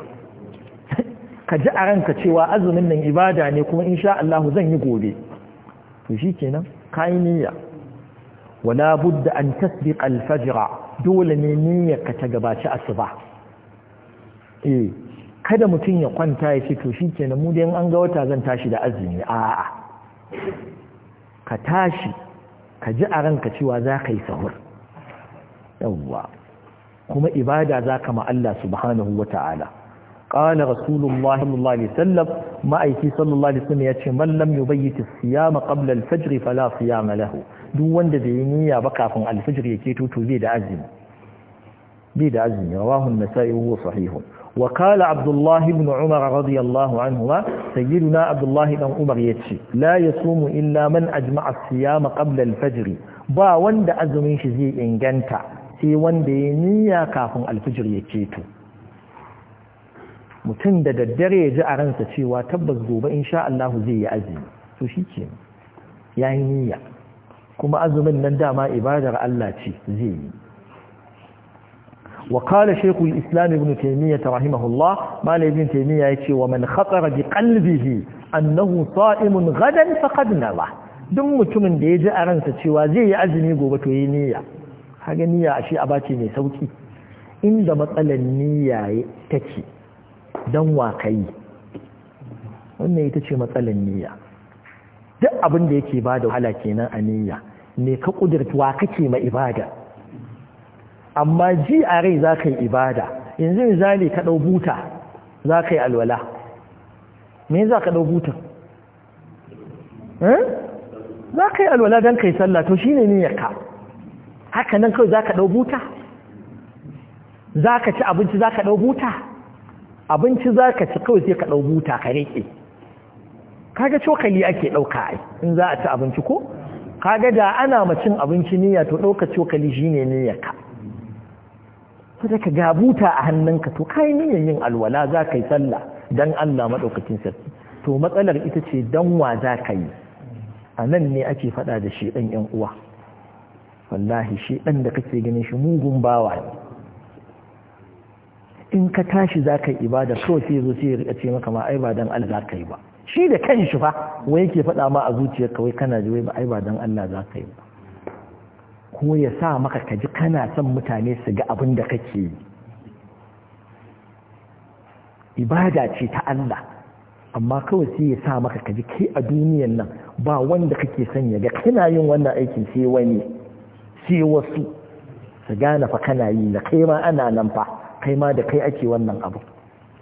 ka ji a ranka cewa azumin nan ibada ne kuma insha Allah zan yi gobe to shi kenan ka yi niyya wala budda an dole ne niyya ka ta gabaci asuba e. kada mutum ya kwanta ya ce to shi kenan mu dai an ga wata zan tashi da azumi a'a ka tashi ka ji a ranka cewa za ka yi sahur yawwa kuma ibada za ka ma Allah subhanahu wa ta'ala qala rasulullahi sallallahu alaihi wasallam ma'aiki sallallahu alaihi wasallam ya ce, Mallam yubayyit as-siyama qabla al-fajr fala siyama lahu duk wanda bai yi niyya ba kafin al ya yake to to bai da azumi bai da azumi rawahu nasai huwa sahihun وقال عبد الله بن عمر رضي الله عنهما سيدنا عبد الله بن عمر يتي لا يصوم الا من اجمع الصيام قبل الفجر با وند ازمن شي زي إنجنتا سي وند ينيا كافن الفجر يكيتو mutum da daddare ya ji a ransa cewa tabbas gobe insha Allah zai yi azumi to shi ke ya yi niyya kuma azumin nan dama ibadar Allah ce zai yi wa kala shehu islami ibn taymiya ta rahimahullah malai ibn taymiya ya ce wa man khatara bi qalbihi annahu sa'imun ghadan faqad nawa dun mutumin da ya ji a ransa cewa zai yi azumi gobe to yi niyya kaga niyya a shi abace mai sauki inda matsalan niyya take dan wa kai wannan ita ce matsalan niyya duk abinda yake bada wahala kenan a niyya ne ka kudirta wa kake ma ibada amma ji a rai za ka yi ibada yanzu zane ka ɗau buta za ka yi alwala me za ka ɗau buta eh? za ka yi alwala don ka yi sallah to ne niyyarka haka nan kawai za ka ɗau buta za ka ci abinci za ka ɗau buta abinci za ka ci kawai sai ka ɗau buta ka riƙe kaga cokali ake ɗauka ai in za a ci abinci ko kaga da ana macin abinci niyya to ɗauka cokali shi ne niyyarka sai ka buta a hannunka to kai ne yin alwala za ka yi sallah dan Allah madaukakin sarki to matsalar ita ce dan wa za ka yi a nan ne ake faɗa da shi ɗan ‘yan uwa wallahi shi ɗan da kake ganin shi mugun bawa ne in ka tashi za ka yi ibada so sai zo sai ya ce maka ma ai ba dan Allah za ka yi ba shi da kan shi fa wai yake faɗa ma a zuciyarka wai kana ji wai ba ai ba dan Allah za ka yi ba ko ya sa maka ka ji kana son mutane su ga abin da kake yi ibada ce ta Allah amma kawai sai ya sa maka ka ji kai a duniyan nan ba wanda kake son ya ga kana yin wannan aikin sai wani sai wasu su gane fa kana yi na kai ma ana nan fa kai ma da kai ake wannan abu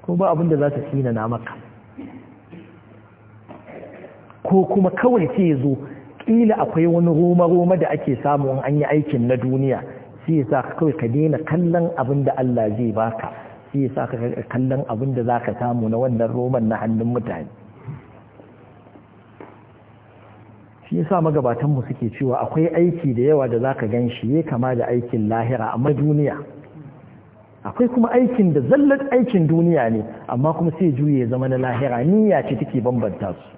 ko ba abin da za su sina na maka ko kuma kawai sai ya zo kila akwai wani roma-roma da ake samu in an yi aikin na duniya Shi ya sa kawai ka daina kallon abin da Allah zai baka Shi ya sa ka kallon abin da zaka samu na wannan roman na hannun mutane shi yasa mu suke cewa akwai aiki da yawa da zaka ka gan shi ya kama da aikin lahira amma duniya akwai kuma aikin da zallar aikin duniya ne amma kuma sai juye zama na lahira niyya ce take bambanta su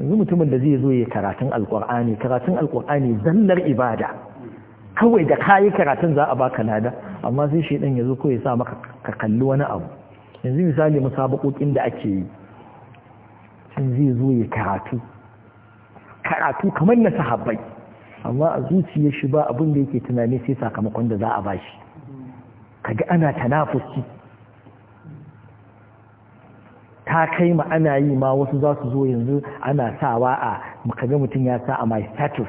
yanzu mutumin da zai zo ya karatun alkur'ani karatun alkur'ani zallar ibada kawai da kayi karatun za a baka lada amma sai shi ya zo ko ya sa maka ka kalli wani abu yanzu misali musabakokin da ake yi sun zai zo ya karatu karatu kamar na sahabbai amma a zuciyar shi ba abin da yake tunani sai sakamakon da za a ba shi. kaga ana tanafuski ta kai ma ana yi ma wasu za su zo yanzu ana sawa a makaga mutum ya sa a my status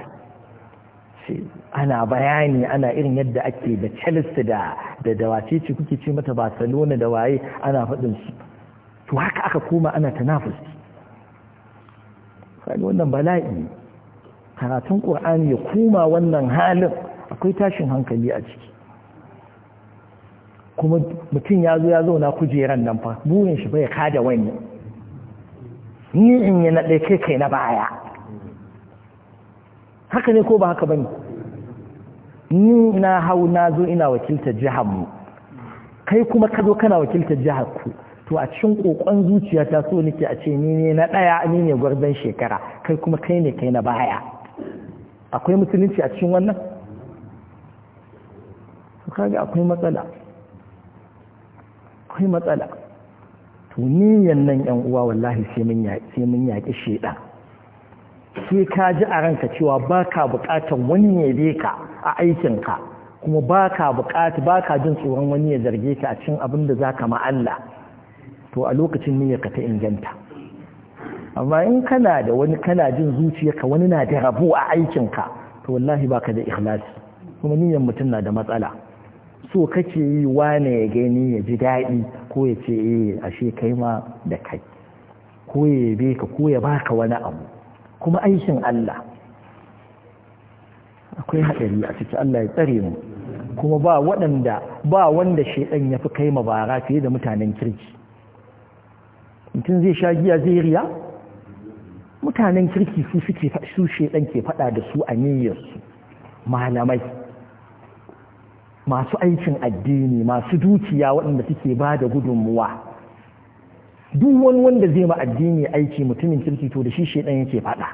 ana bayani ana irin yadda ake da chelsea da da da ce kuke ce mata barcelona da waye ana faɗin su to haka aka koma ana tanafus kai wannan bala'i karatun qur'ani ya koma wannan halin akwai tashin hankali a ciki kuma mutum ya zo ya zauna kujeran nan fa burin shi bai kada wani ni in yi na ɗaya kai na baya haka ne ko ba haka bane ni na hau na zo ina wakiltar jihar mu kai kuma ka zo kana wakiltar jihar ku to a cikin kokon zuciya ta so nake a ce ni ne na ɗaya ni ne gwarzon shekara kai kuma kai ne kai na baya akwai musulunci a cikin wannan kaga akwai matsala akwai matsala to niyan nan yan uwa wallahi sai mun yaƙi shaidan sai ka ji a ranka cewa baka ka buƙatar wani ya be ka a aikinka kuma baka ka buƙatar jin tsoron wani ya zarge ka a cikin abin da za ka Allah to a lokacin niyyar ka ta inganta amma in kana da wani kana jin zuciyarka wani na da rabo a aikinka to wallahi baka da ikhlasi kuma niyyar mutum na da matsala so kake yi wane ya gani ya ji daɗi ko ya ce eh ashe kai ma da kai ko ya yabe ka ko ya baka wani abu kuma aikin Allah akwai haɗari a ciki Allah ya tsare mu kuma ba waɗanda ba wanda shaidan ya fi kai ma bara fiye da mutanen kirki mutum zai sha giya zai riya mutanen kirki su suke su ke faɗa da su a niyyarsu malamai masu aikin addini masu dukiya waɗanda suke ba da gudunmuwa duk wani wanda zai ma addini aiki mutumin kirki to da shi shaidan yake faɗa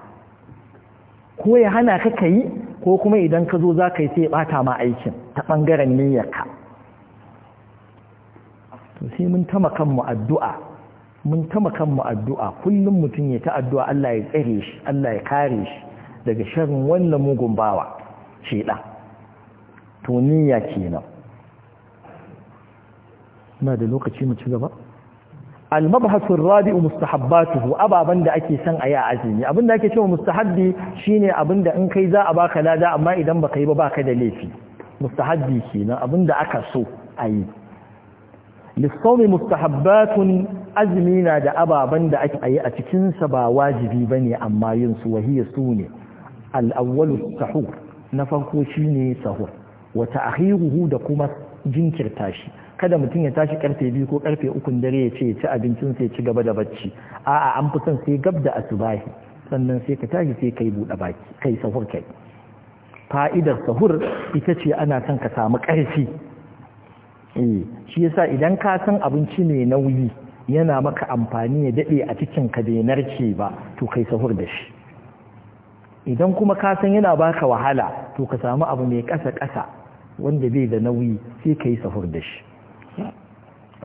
ko ya hana ka kayi ko kuma idan ka zo za ka yi sai ya ɓata ma aikin ta ɓangaren niyyarka to sai mun tama kanmu addu'a mun tama kanmu addu'a kullum mutum ya ta addu'a Allah ya tsare shi Allah ya kare shi daga sharrin wannan mugun bawa shaidan Tuniya kenan na da lokaci mu ci gaba المبحث الرابع مستحباته ababan da ake son ayi a azumi abinda ake cewa mustahabbi shine abinda in kai za a baka lada amma idan baka yi ba baka da laifi mustahabbi kenan abinda aka so ayi lisawmi mustahabbatun azumi na da ababan da ake ayi a cikin sa ba wajibi bane amma yin su wahiya sune al-awwalu sahur na farko shine sahur wa ta'khiruhu da kuma jinkirta shi kada mutum ya tashi karfe biyu ko karfe ukun dare ya ce ya ci abincin sai ci gaba da bacci a'a an fi son sai gab da asubahi sannan sai ka tashi sai kai buɗe baki kai sahur kai fa'idar sahur ita ce ana son ka samu ƙarfi eh shi yasa idan ka san abinci mai nauyi yana maka amfani ya daɗe a cikin ka bai narke ba to kai sahur da shi idan kuma ka san yana baka wahala to ka samu abu mai ƙasa ƙasa wanda bai da nauyi sai ka yi sahur da shi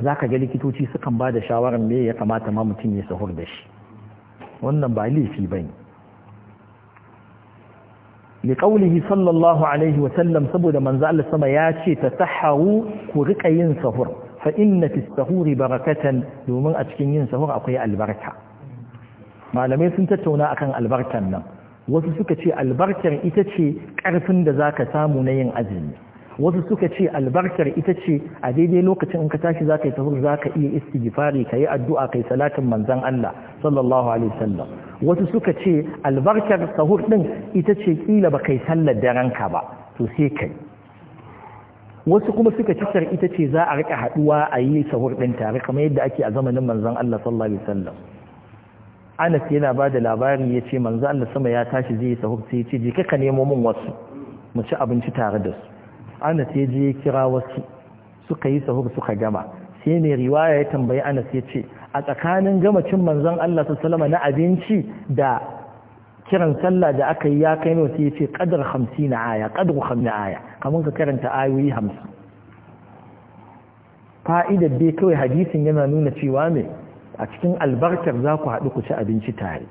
za ka ga likitoci sukan ba da shawarar me ya kamata ma mutum ya sahur da shi wannan ba laifi ba ne liƙaunihi sallallahu alaihi wasallam saboda manzo Allah sama ya ce ta sahawu ku riƙa yin sahur fa inna fi sahuri barakatan domin a cikin yin sahur akwai albarka malamai sun tattauna akan albarkan nan wasu suka ce albarkar ita ce ƙarfin da zaka samu na yin azumi wasu suka ce albarkar ita ce a daidai lokacin in ka tashi za ka yi tahur za ka iya istighfari ka yi addu'a kai salatin manzan Allah sallallahu alaihi sallam. wasu suka ce albarkar tahur ita ce kila ba kai sallar daren ka ba to sai kai wasu kuma suka ci ita ce za a rika haɗuwa a yi sahur ɗin tare kamar yadda ake a zamanin manzan Allah sallallahu alaihi sallam. Anas yana ba da labari ya ce manzo Allah sama ya tashi zai sahur sai ya ce je ka nemo min wasu mu ci abinci tare da su ana sai je kira wasu suka yi sahur suka gama sai mai riwaya ya tambayi ana sai ce a tsakanin gama gamacin manzon Allah sallallahu na abinci da kiran sallah da aka yi ya kai ne sai ce qadar 50 aya qadru 50 aya kamar ka karanta ayoyi 50 fa'idar dai kawai hadisin yana nuna cewa me a cikin albarkar za ku haɗu ku ci abinci tare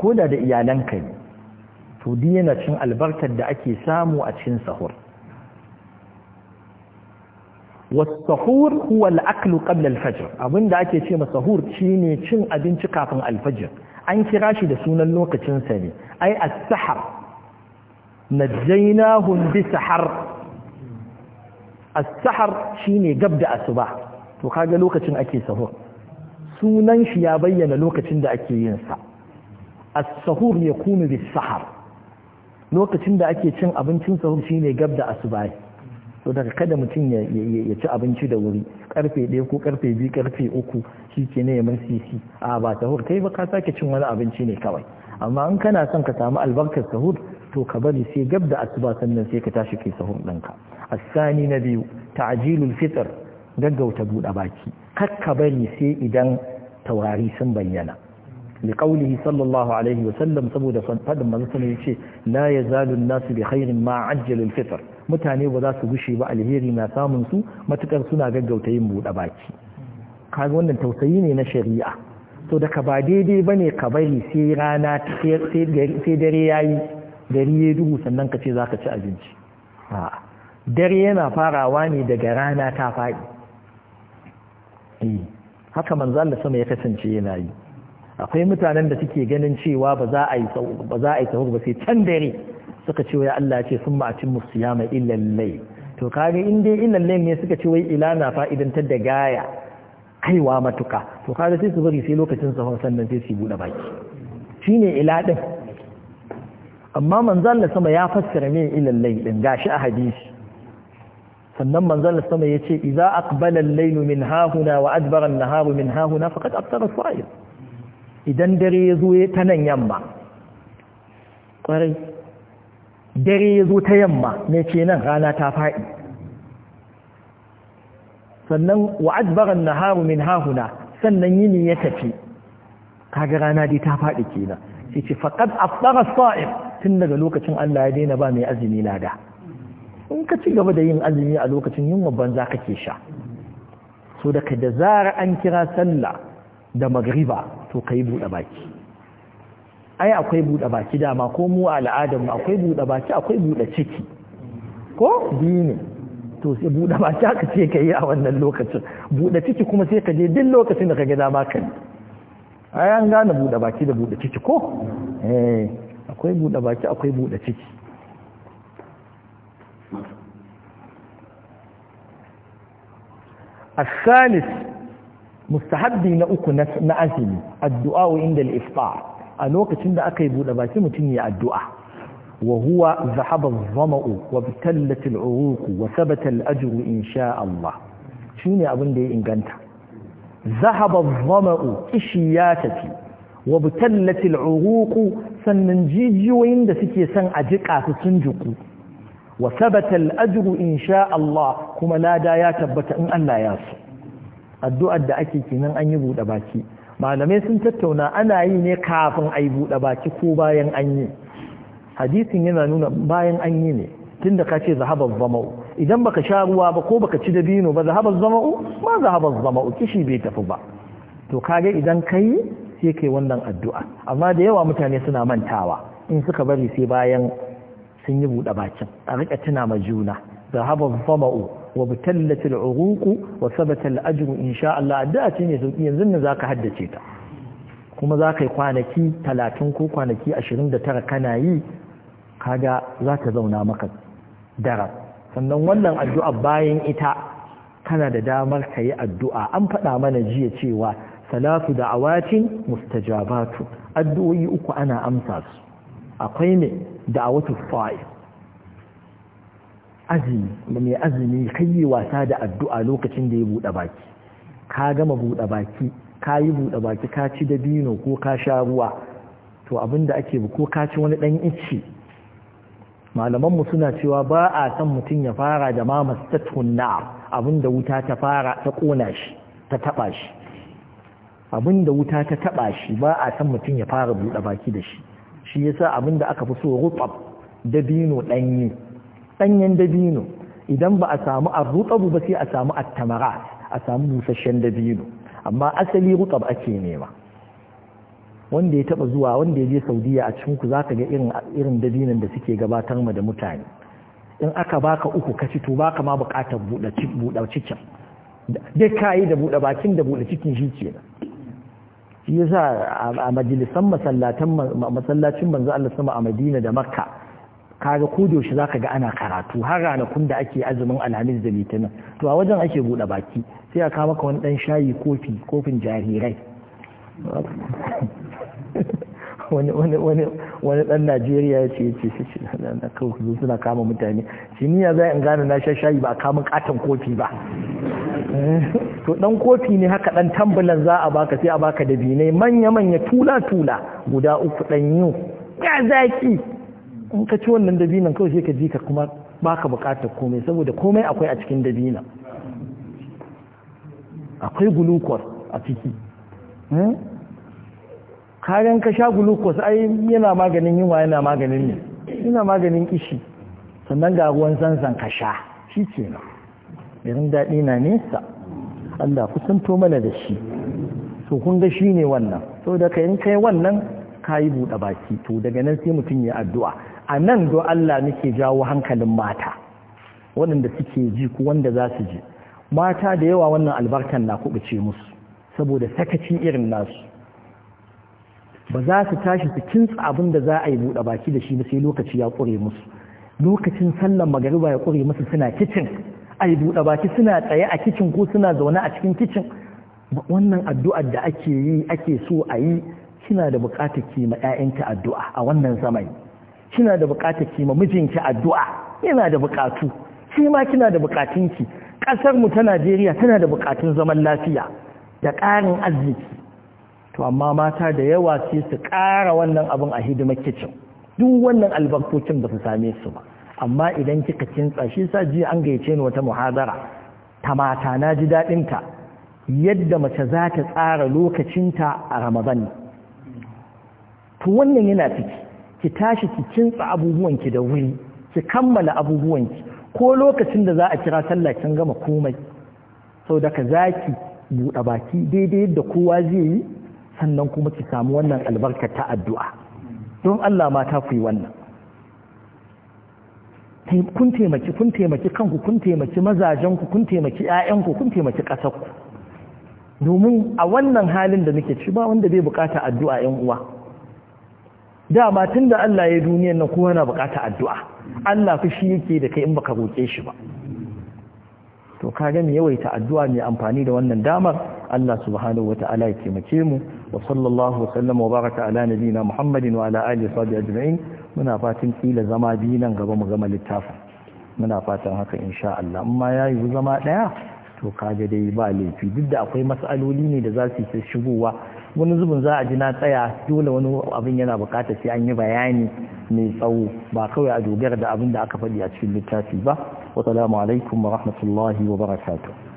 ko da da iyalanka ne to yana cin albarkar da ake samu a cikin sahur والسحور هو الأكل قبل الفجر أبن دا أكي تيما سحور تيني تين أبن تكافن الفجر أن كراشي دا سونا اللوقة تنساني أي السحر نجيناهم بسحر السحر تيني قبل الصباح وقال لوقة أكي سحور سونا شيا بيّن لوقة دا أكي ينسى السحور يكون بالسحر لوقة دا أكي تين أبن تنسى هو تيني قبل الصباح so daga kada mutum ya ci abinci da wuri karfe ɗaya ko karfe biyu karfe uku shi ke ne ya sisi a ba sahur kai ba ka sake cin wani abinci ne kawai amma in kana son ka samu albarkar sahur to ka bari sai gab da asuba sannan sai ka tashi kai sahur ɗinka asani na biyu ta'jilul fitr gaggauta buɗe baki kar ka bari sai idan taurari sun bayyana لقوله صلى الله عليه وسلم سبو دفن فدم مثلا يشي لا يزال الناس بخير ما عجل الفطر mutane ba za su gushe ba alheri na samun su matukar suna gaggauta yin buɗe baki kaga wannan tausayi ne na shari'a to da ka ba daidai bane ka bari sai rana sai dare yayi dare ya duhu sannan ka ce zaka ci abinci a dare yana farawa ne daga rana ta faɗi eh, haka manzo Allah sama ya kasance yana yi akwai mutanen da suke ganin cewa ba za a yi ba sai can dare suka ce wai Allah ce sun ma'acin musiyama illallai to kage inda dai illallai ne suka ce wai ila na fa'idantar da gaya kaiwa matuka to kage sai su bari sai lokacin sahur sannan sai su buɗe baki shine ila din amma manzo sama ya fassara me illallai din gashi a hadisi sannan manzo Allah sama ce idza aqbala al-layl min hahuna wa adbara an-nahar min hahuna faqad aftara as-sa'im idan dare ya zo ta nan yamma kwarai dare ya zo ta yamma ne nan rana ta faɗi sannan baran na harumin min hahuna sannan yini ya tafi kaga rana dai ta faɗi kenan sai ce faqad a as sa'in tun daga lokacin Allah ya daina ba mai azumi na da in ka ci gaba da yin azumi a lokacin yin wabban za ka ke sha so daga da zara an kira sallah da magriba to ka yi buɗe baki ai akwai buɗe baki dama ko mu al'adar mu akwai buɗe baki akwai buɗe ciki ko biyu ne to sai buɗe baki aka ce ka yi a wannan lokacin buɗe ciki kuma sai ka je duk lokacin da ka gida dama ka yi ai an gane buɗe baki da buɗe ciki ko eh akwai buɗe baki akwai buɗe ciki الثالث مستحب نأكل نأزل الدعاء عند الإفطار a lokacin da aka yi buɗe baki mutum ya addu'a wa huwa zahaba zama'u wa bitallatil uruku wa sabata in insha Allah shine abin da ya inganta zahaba zama'u kishi ya tafi wa bitallatil uruku sannan jijiyoyin da suke son a jiƙa su sun jiku wa sabata in insha Allah kuma lada ya tabbata in Allah ya so addu'ar da ake kenan an yi buɗe baki malamai sun tattauna ana yi ne kafin a yi buɗe baki ko bayan an yi hadisin yana nuna bayan an yi ne tun da ka ce zahabar zama'u idan baka sha ruwa ba ko baka ci dabino ba zahabar zama'u ma zahabar zama'u kishi bai tafi ba to kage idan ka yi sai kai wannan addu'a amma da yawa mutane suna mantawa in suka bari sai bayan sun yi buɗe bakin a riƙa tuna ma juna zahabar zama'u وبتلت العروق وثبت الأجر إن شاء الله أدأت zaka haddace حدثيتا kuma za ka yi kwanaki talatin ko kwanaki ashirin da tara kana yi kaga za ta zauna maka dara sannan wannan addu'a bayan ita kana da damar ka yi addu'a an faɗa mana jiya cewa salatu da awatin mustajabatu addu'o'i uku ana amsa su akwai ne da awatu fa'i azumi da mai azumi kai yi wasa da addu'a lokacin da ya buɗe baki ka gama buɗe baki ka yi buɗe baki ka ci dabino ko ka sha ruwa to abin da ake ko ka ci wani ɗan malaman mu suna cewa ba a san mutum ya fara da mamas ta abin da wuta ta fara ta kona shi ta taɓa shi abin da wuta ta taɓa shi ba a san mutum ya fara buɗe baki da shi shi yasa abin da aka fi so rufaf dabino ɗanyi ɗanyen dabino idan ba a samu a rutsabu ba sai a samu a tamara a samu busasshen dabino amma asali rutsab ake nema wanda ya taba zuwa wanda ya je saudiya a cikinku za ka ga irin dabinan da suke gabatar ma da mutane in aka baka uku ka ci baka ma bukatar buɗa cikin dai da buɗe bakin da buɗe cikin shi ke nan shi yasa a majalisan masallacin manzo Allah sama a Madina da Makka kaga ko yaushe zaka ga ana karatu har ranakun da ake azumin alhamis da litinin to a wajen ake bude baki sai a kawo maka wani dan shayi kofi kofin jarirai wani dan najeriya ya ce ce shi na kawo suna kama mutane shi ni ya zai in gane na sha shayi ba kama katon kofi ba to dan kofi ne haka dan tambulan za a baka sai a baka da binai manya-manya tula-tula guda uku dan yau ya zaki in ka ci wannan dabinan kawai sai ka ji ka kuma ba ka bukatar komai saboda komai akwai a cikin dabina akwai glucose a ciki hmm? kayan ka sha glucose ai yana maganin yunwa yana maganin ne yana maganin kishi sannan ga ruwan zanzan ka sha shi ce na irin daɗi na nesa Allah kusanto mana da shi so kun ga shi ne wannan saboda ka in kai wannan ka yi buɗe baki to daga nan sai mutum ya addu'a a nan do Allah nake jawo hankalin mata waɗanda suke ji ko wanda za su ji mata da yawa wannan albarkan na ce musu saboda sakacin irin nasu ba za su tashi su kintsa abin da za a yi buɗe baki da shi ba sai lokaci ya ƙure musu lokacin sallan magariba ya ƙure musu suna kicin a yi buɗe baki suna tsaye a kicin ko suna zaune a cikin kicin wannan addu'ar da ake yi ake so a yi kina da buƙatar ki ma addu'a a wannan zamani kina da buƙatar kima mijinki addu'a yana da buƙatu shi ma kina da buƙatunki ƙasar mu ta Najeriya tana da buƙatun zaman lafiya da ƙarin arziki to amma mata da yawa sai su ƙara wannan abin a hidimar kicin duk wannan albarkocin da su same su ba amma idan kika kintsa shi sa jiya an gayyace ni wata muhadara ta mata na ji daɗin ta yadda mace za ta tsara lokacinta a Ramadan to wannan yana ciki ki tashi ki kintsa abubuwan ki da wuri ki kammala abubuwan ki ko lokacin da za a kira sallah kin gama komai sau daga zaki buɗe baki daidai yadda kowa zai yi sannan kuma ki samu wannan albarka ta addu'a don Allah mata ku yi wannan kun taimaki kun taimaki kanku kun taimaki mazajenku kun taimaki 'ya'yanku kun taimaki ku domin a wannan halin da muke ci ba wanda bai bukata addu'a 'yan uwa dama tun da Allah ya duniyan nan kowa yana bukata addu'a Allah fi shi yake da kai in baka roƙe shi ba to kaga mu yawaita addu'a mai amfani da wannan damar Allah subhanahu wata'ala ya taimake mu wa sallallahu wasallam wa baraka ala nabiyina Muhammadin wa ala alihi wa ajma'in muna fatan kila zama biyu nan gaba mu gama littafin muna fatan haka insha Allah amma yayi zama ɗaya. to kaga dai ba laifi duk da akwai mas'aloli ne da za su shigowa wani zubin za a ji na tsaya dole wani abin yana bukata sai an yi bayani mai tsawo ba kawai a dogara da abin da aka faɗi a cikin littafi ba wa salamu alaikum wa rahmatullahi wa barakatuh